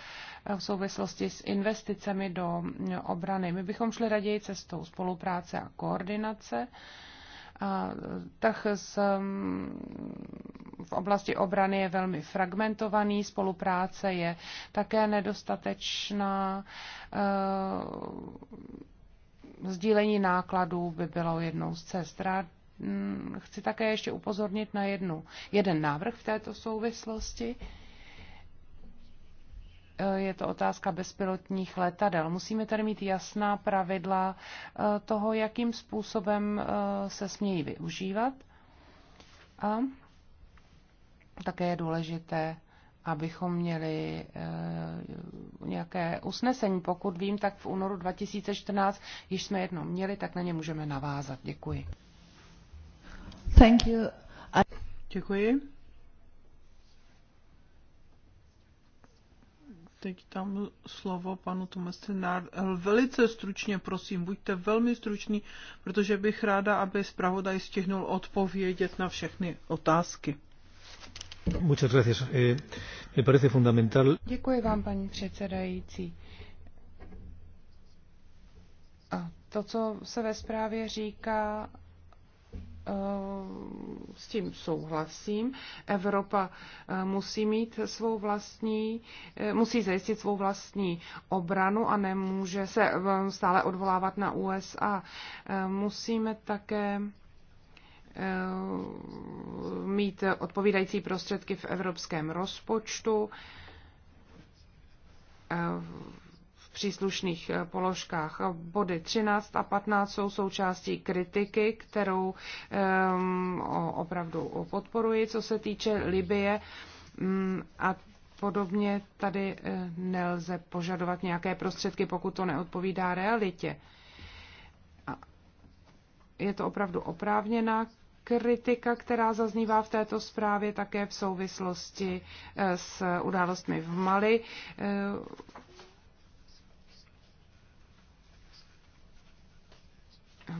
eh, v souvislosti s investicemi do eh, obrany. My bychom šli raději cestou spolupráce a koordinace. A trh s, mm, v oblasti obrany je velmi fragmentovaný, spolupráce je také nedostatečná. Sdílení nákladů by bylo jednou z cest. Rád Mm, chci také ještě upozornit na jednu, jeden návrh v této souvislosti. Eh, je to otázka bezpilotních letadel. Musíme tady mít jasná pravidla eh, toho, jakým způsobem eh, se smějí využívat. A také je důležité, abychom měli nějaké usnesení. Pokud vím, tak v únoru 2014, když jsme jedno měli, tak na ně můžeme navázat. Děkuji. Děkuji. Teď tam slovo panu Tomestinár. Velice stručně, prosím, buďte velmi struční, protože bych ráda, aby zpravodaj stihnul odpovědět na všechny otázky. Muchas gracias. Eh, me parece fundamental. Děkuji vám, paní předsedající. A to, co se ve zprávě říká, Eh, s tím souhlasím. Evropa eh, musí mít svou vlastní, eh, musí zajistit svou vlastní obranu a nemůže se stále odvolávat na USA. Musíme také mít odpovídající prostředky v evropském rozpočtu příslušných eh, položkách. Body 13 a 15 jsou součástí kritiky, kterou um, opravdu podporuji, co se týče Libie. Um, a podobně tady eh, nelze požadovat nějaké prostředky, pokud to neodpovídá realitě. Je to opravdu oprávněná kritika, která zaznívá v této zprávě také v souvislosti eh, s událostmi v Mali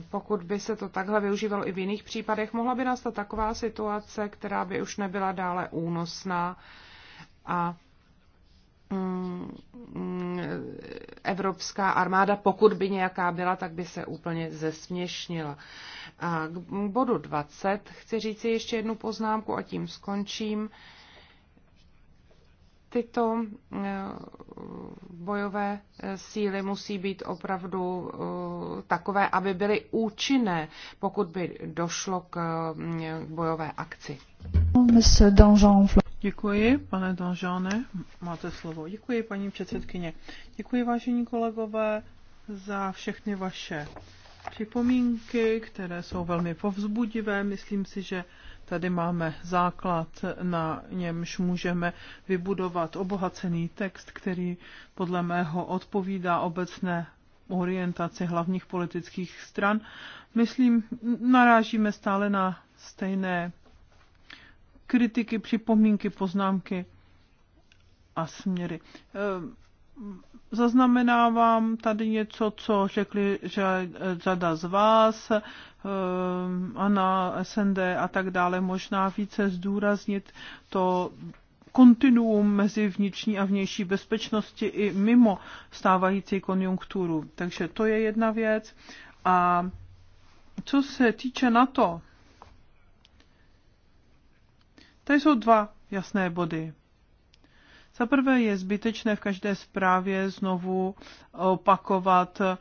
pokud by se to takhle využívalo i v jiných případech, mohla by nastat taková situace, která by už nebyla dále únosná a mm, evropská armáda, pokud by nějaká byla, tak by se úplně zesměšnila. A k bodu 20 chci říct ještě jednu poznámku a tím skončím tyto eh, bojové eh, síly musí být opravdu eh, takové, aby byly účinné, pokud by došlo k bojové akci. Děkuji, pane Danžáne, máte slovo. Děkuji, paní předsedkyně. Děkuji, vážení kolegové, za všechny vaše připomínky, které jsou velmi povzbudivé. Myslím si, že Tady máme základ, na němž můžeme vybudovat obohacený text, který podle mého odpovídá obecné orientaci hlavních politických stran. Myslím, narážíme stále na stejné kritiky, připomínky, poznámky a směry zaznamenávám tady něco, co řekli že řada z vás, eh, na SND a tak dále, možná více zdůraznit to kontinuum mezi vnitřní a vnější bezpečnosti i mimo stávající konjunkturu. Takže to je jedna věc. A co se týče na to? tady jsou dva jasné body. Za prvé je zbytečné v každé zprávě znovu opakovat eh,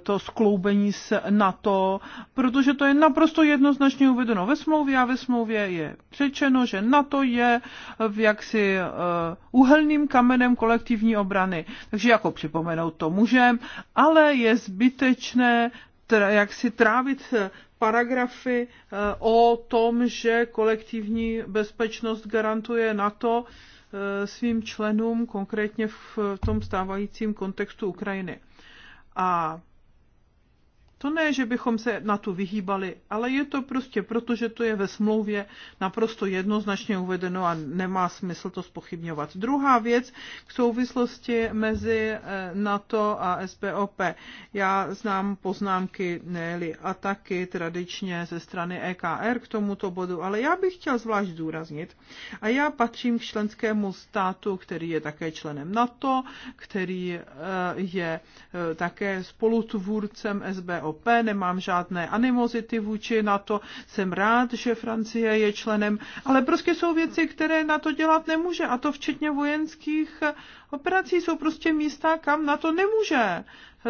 to skloubení s NATO, protože to je naprosto jednoznačně uvedeno ve smlouvě a ve smlouvě je řečeno, že NATO je eh, v jaksi eh, uhelným kamenem kolektivní obrany. Takže jako připomenout to můžem, ale je zbytečné jak si trávit paragrafy o tom, že kolektivní bezpečnost garantuje NATO, Eh, svým členům, konkrétně v tom stávajícím kontextu Ukrajiny. A to ne, že bychom se na to vyhýbali, ale je to prostě proto, že to je ve smlouvě naprosto jednoznačně uvedeno a nemá smysl to spochybňovat. Druhá věc k souvislosti mezi eh, NATO a SBOP. Já znám poznámky, a taky tradičně ze strany EKR k tomuto bodu, ale já bych chtěl zvlášť zdůraznit, a já patřím k členskému státu, který je také členem NATO, který eh, je eh, také spolutvůrcem SBOP, EVP, nemám žádné animozity vůči to. jsem rád, že Francie je členem, ale prostě jsou věci, které na to dělat nemůže, a to včetně vojenských operací jsou prostě místa, kam na to nemůže.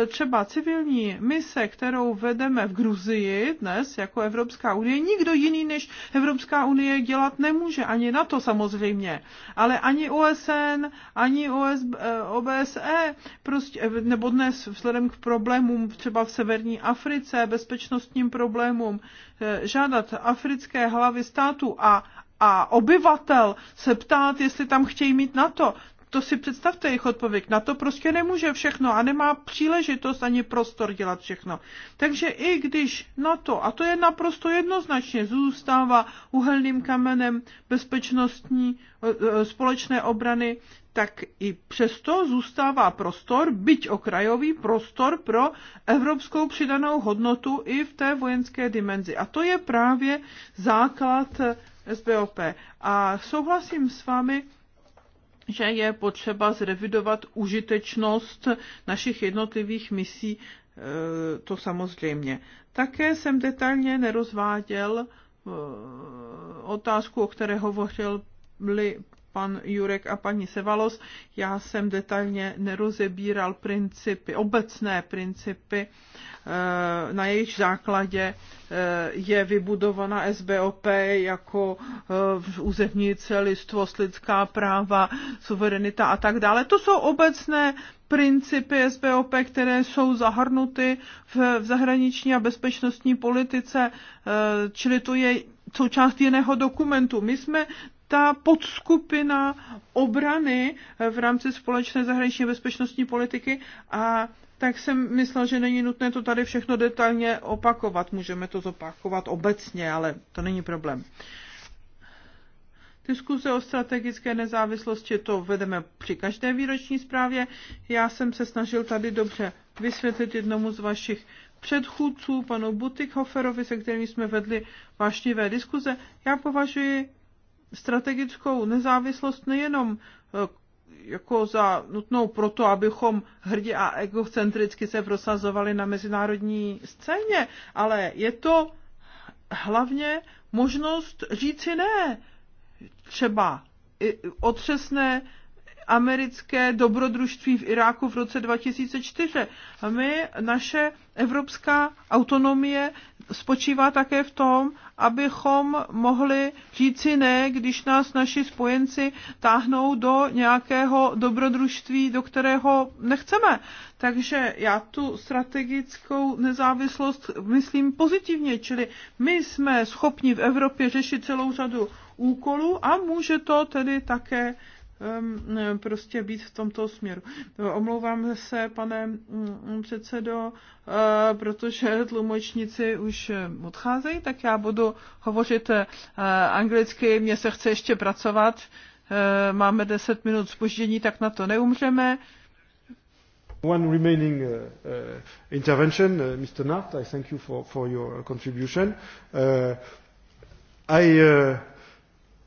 Třeba civilní mise, kterou vedeme v Gruzii dnes jako Evropská unie, nikdo jiný než Evropská unie dělat nemůže, ani na to samozřejmě, ale ani OSN, ani OS, eh, OBSE, prostě, eh, nebo dnes vzhledem k problémům třeba v severní Africe, bezpečnostním problémům, eh, žádat africké hlavy státu a a obyvatel se ptát, jestli tam chtějí mít na to to si představte jejich odpověď. Na to prostě nemůže všechno a nemá příležitost ani prostor dělat všechno. Takže i když na to, a to je naprosto jednoznačně, zůstává uhelným kamenem bezpečnostní eh, eh, společné obrany, tak i přesto zůstává prostor, byť okrajový prostor pro evropskou přidanou hodnotu i v té vojenské dimenzi. A to je právě základ eh, SBOP. A souhlasím s vámi, že je potřeba zrevidovat užitečnost našich jednotlivých misí, e, to samozřejmě. Také jsem detailně nerozváděl e, otázku, o které hovořil pan Jurek a paní Sevalos. Já jsem detailně nerozebíral principy, obecné principy, eh, na jejich základě eh, je vybudovaná SBOP jako eh, územní celistvost, lidská práva, suverenita a tak dále. To jsou obecné principy SBOP, které jsou zahrnuty v, v zahraniční a bezpečnostní politice, čili to je součást jiného dokumentu. My jsme ta podskupina obrany v rámci společné zahraniční bezpečnostní politiky a tak jsem myslel, že není nutné to tady všechno detailně opakovat. Můžeme to zopakovat obecně, ale to není problém. Diskuze o strategické nezávislosti to vedeme při každé výroční zprávě. Já jsem se snažil tady dobře vysvětlit jednomu z vašich předchůdců, panu Butikhoferovi, se kterým jsme vedli vášnivé diskuze. Já považuji strategickou nezávislost nejenom eh, jako za nutnou proto, abychom hrdě a egocentricky se prosazovali na mezinárodní scéně, ale je to hlavně možnost říci ne. Třeba otřesné americké dobrodružství v Iráku v roce 2004. A my, naše evropská autonomie spočívá také v tom, abychom mohli říci ne, když nás naši spojenci táhnou do nějakého dobrodružství, do kterého nechceme. Takže já tu strategickou nezávislost myslím pozitivně, čili my jsme schopni v Evropě řešit celou řadu úkolů a může to tedy také prostě být v tomto směru. Omlouvám se, pane mm, předsedo, eh, protože tlumočníci už eh, odcházejí, tak já budu hovořit eh, anglicky, mně se chce ještě pracovat, máme 10 minut spoždění, tak na to neumřeme. One remaining uh, uh, intervention, uh, Mr. Nart, I thank you for, for your contribution. Uh, I uh,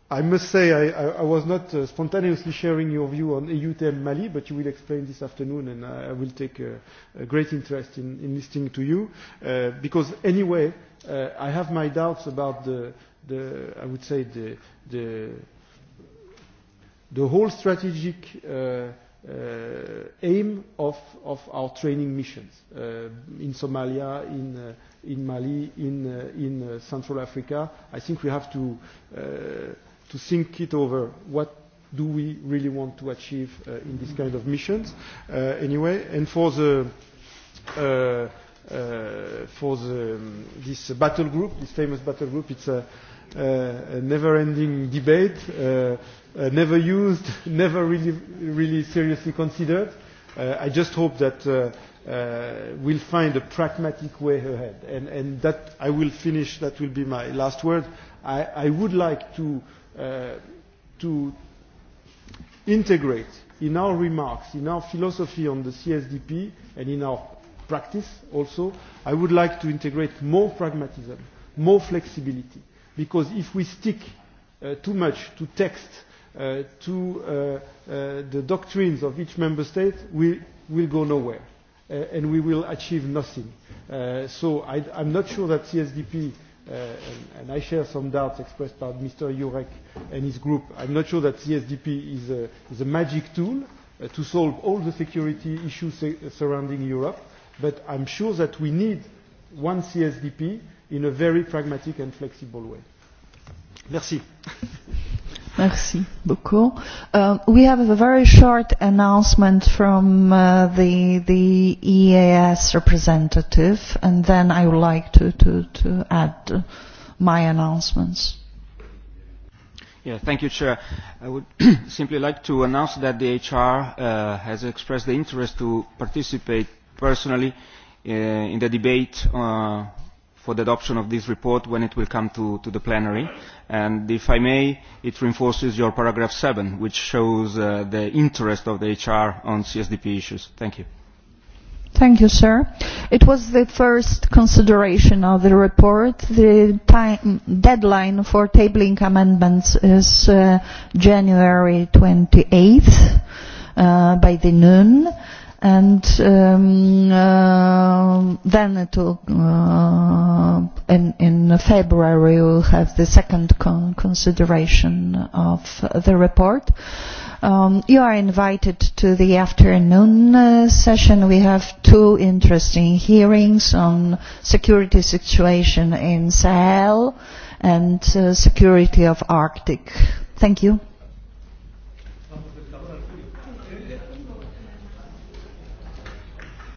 i must say I, I I was not uh, spontaneously sharing your view on EUTM Mali, but you will explain this afternoon, and I, I will take a, a great interest in, in listening to you, uh, because anyway, uh, I have my doubts about the, the I would say the, the, the whole strategic uh, uh, aim of, of our training missions uh, in Somalia, in, uh, in Mali, in, uh, in uh, Central Africa. I think we have to. Uh, to think it over. What do we really want to achieve uh, in this kind of missions? Uh, anyway, and for the uh, uh, for the, um, this battle group, this famous battle group, it's a, uh, a never-ending debate, uh, uh, never used, never really, really seriously considered. Uh, I just hope that uh, uh, we'll find a pragmatic way ahead. And, and that I will finish, that will be my last word. I, I would like to to integrate in our remarks, in our philosophy on the CSDP and in our practice also, I would like to integrate more pragmatism, more flexibility. Because if we stick uh, too much to text, uh, to uh, uh, the doctrines of each member state, we will go nowhere uh, and we will achieve nothing. Uh, so I, I'm not sure that CSDP uh, and, and I share some doubts expressed by Mr. Jurek and his group. I'm not sure that CSDP is a, is a magic tool uh, to solve all the security issues surrounding Europe, but I'm sure that we need one CSDP in a very pragmatic and flexible way. Merci. Merci beaucoup. Uh, we have a very short announcement from uh, the, the EAS representative, and then I would like to, to, to add my announcements. Yeah, thank you, Chair. I would simply like to announce that the HR uh, has expressed the interest to participate personally uh, in the debate uh, for the adoption of this report when it will come to, to the plenary. And if I may, it reinforces your paragraph 7, which shows uh, the interest of the HR on CSDP issues. Thank you. Thank you, sir. It was the first consideration of the report. The time, deadline for tabling amendments is uh, January 28th uh, by the noon and um, uh, then it will, uh, in, in February will have the second con- consideration of the report. Um, you are invited to the afternoon uh, session. We have two interesting hearings on security situation in Sahel and uh, security of Arctic. Thank you.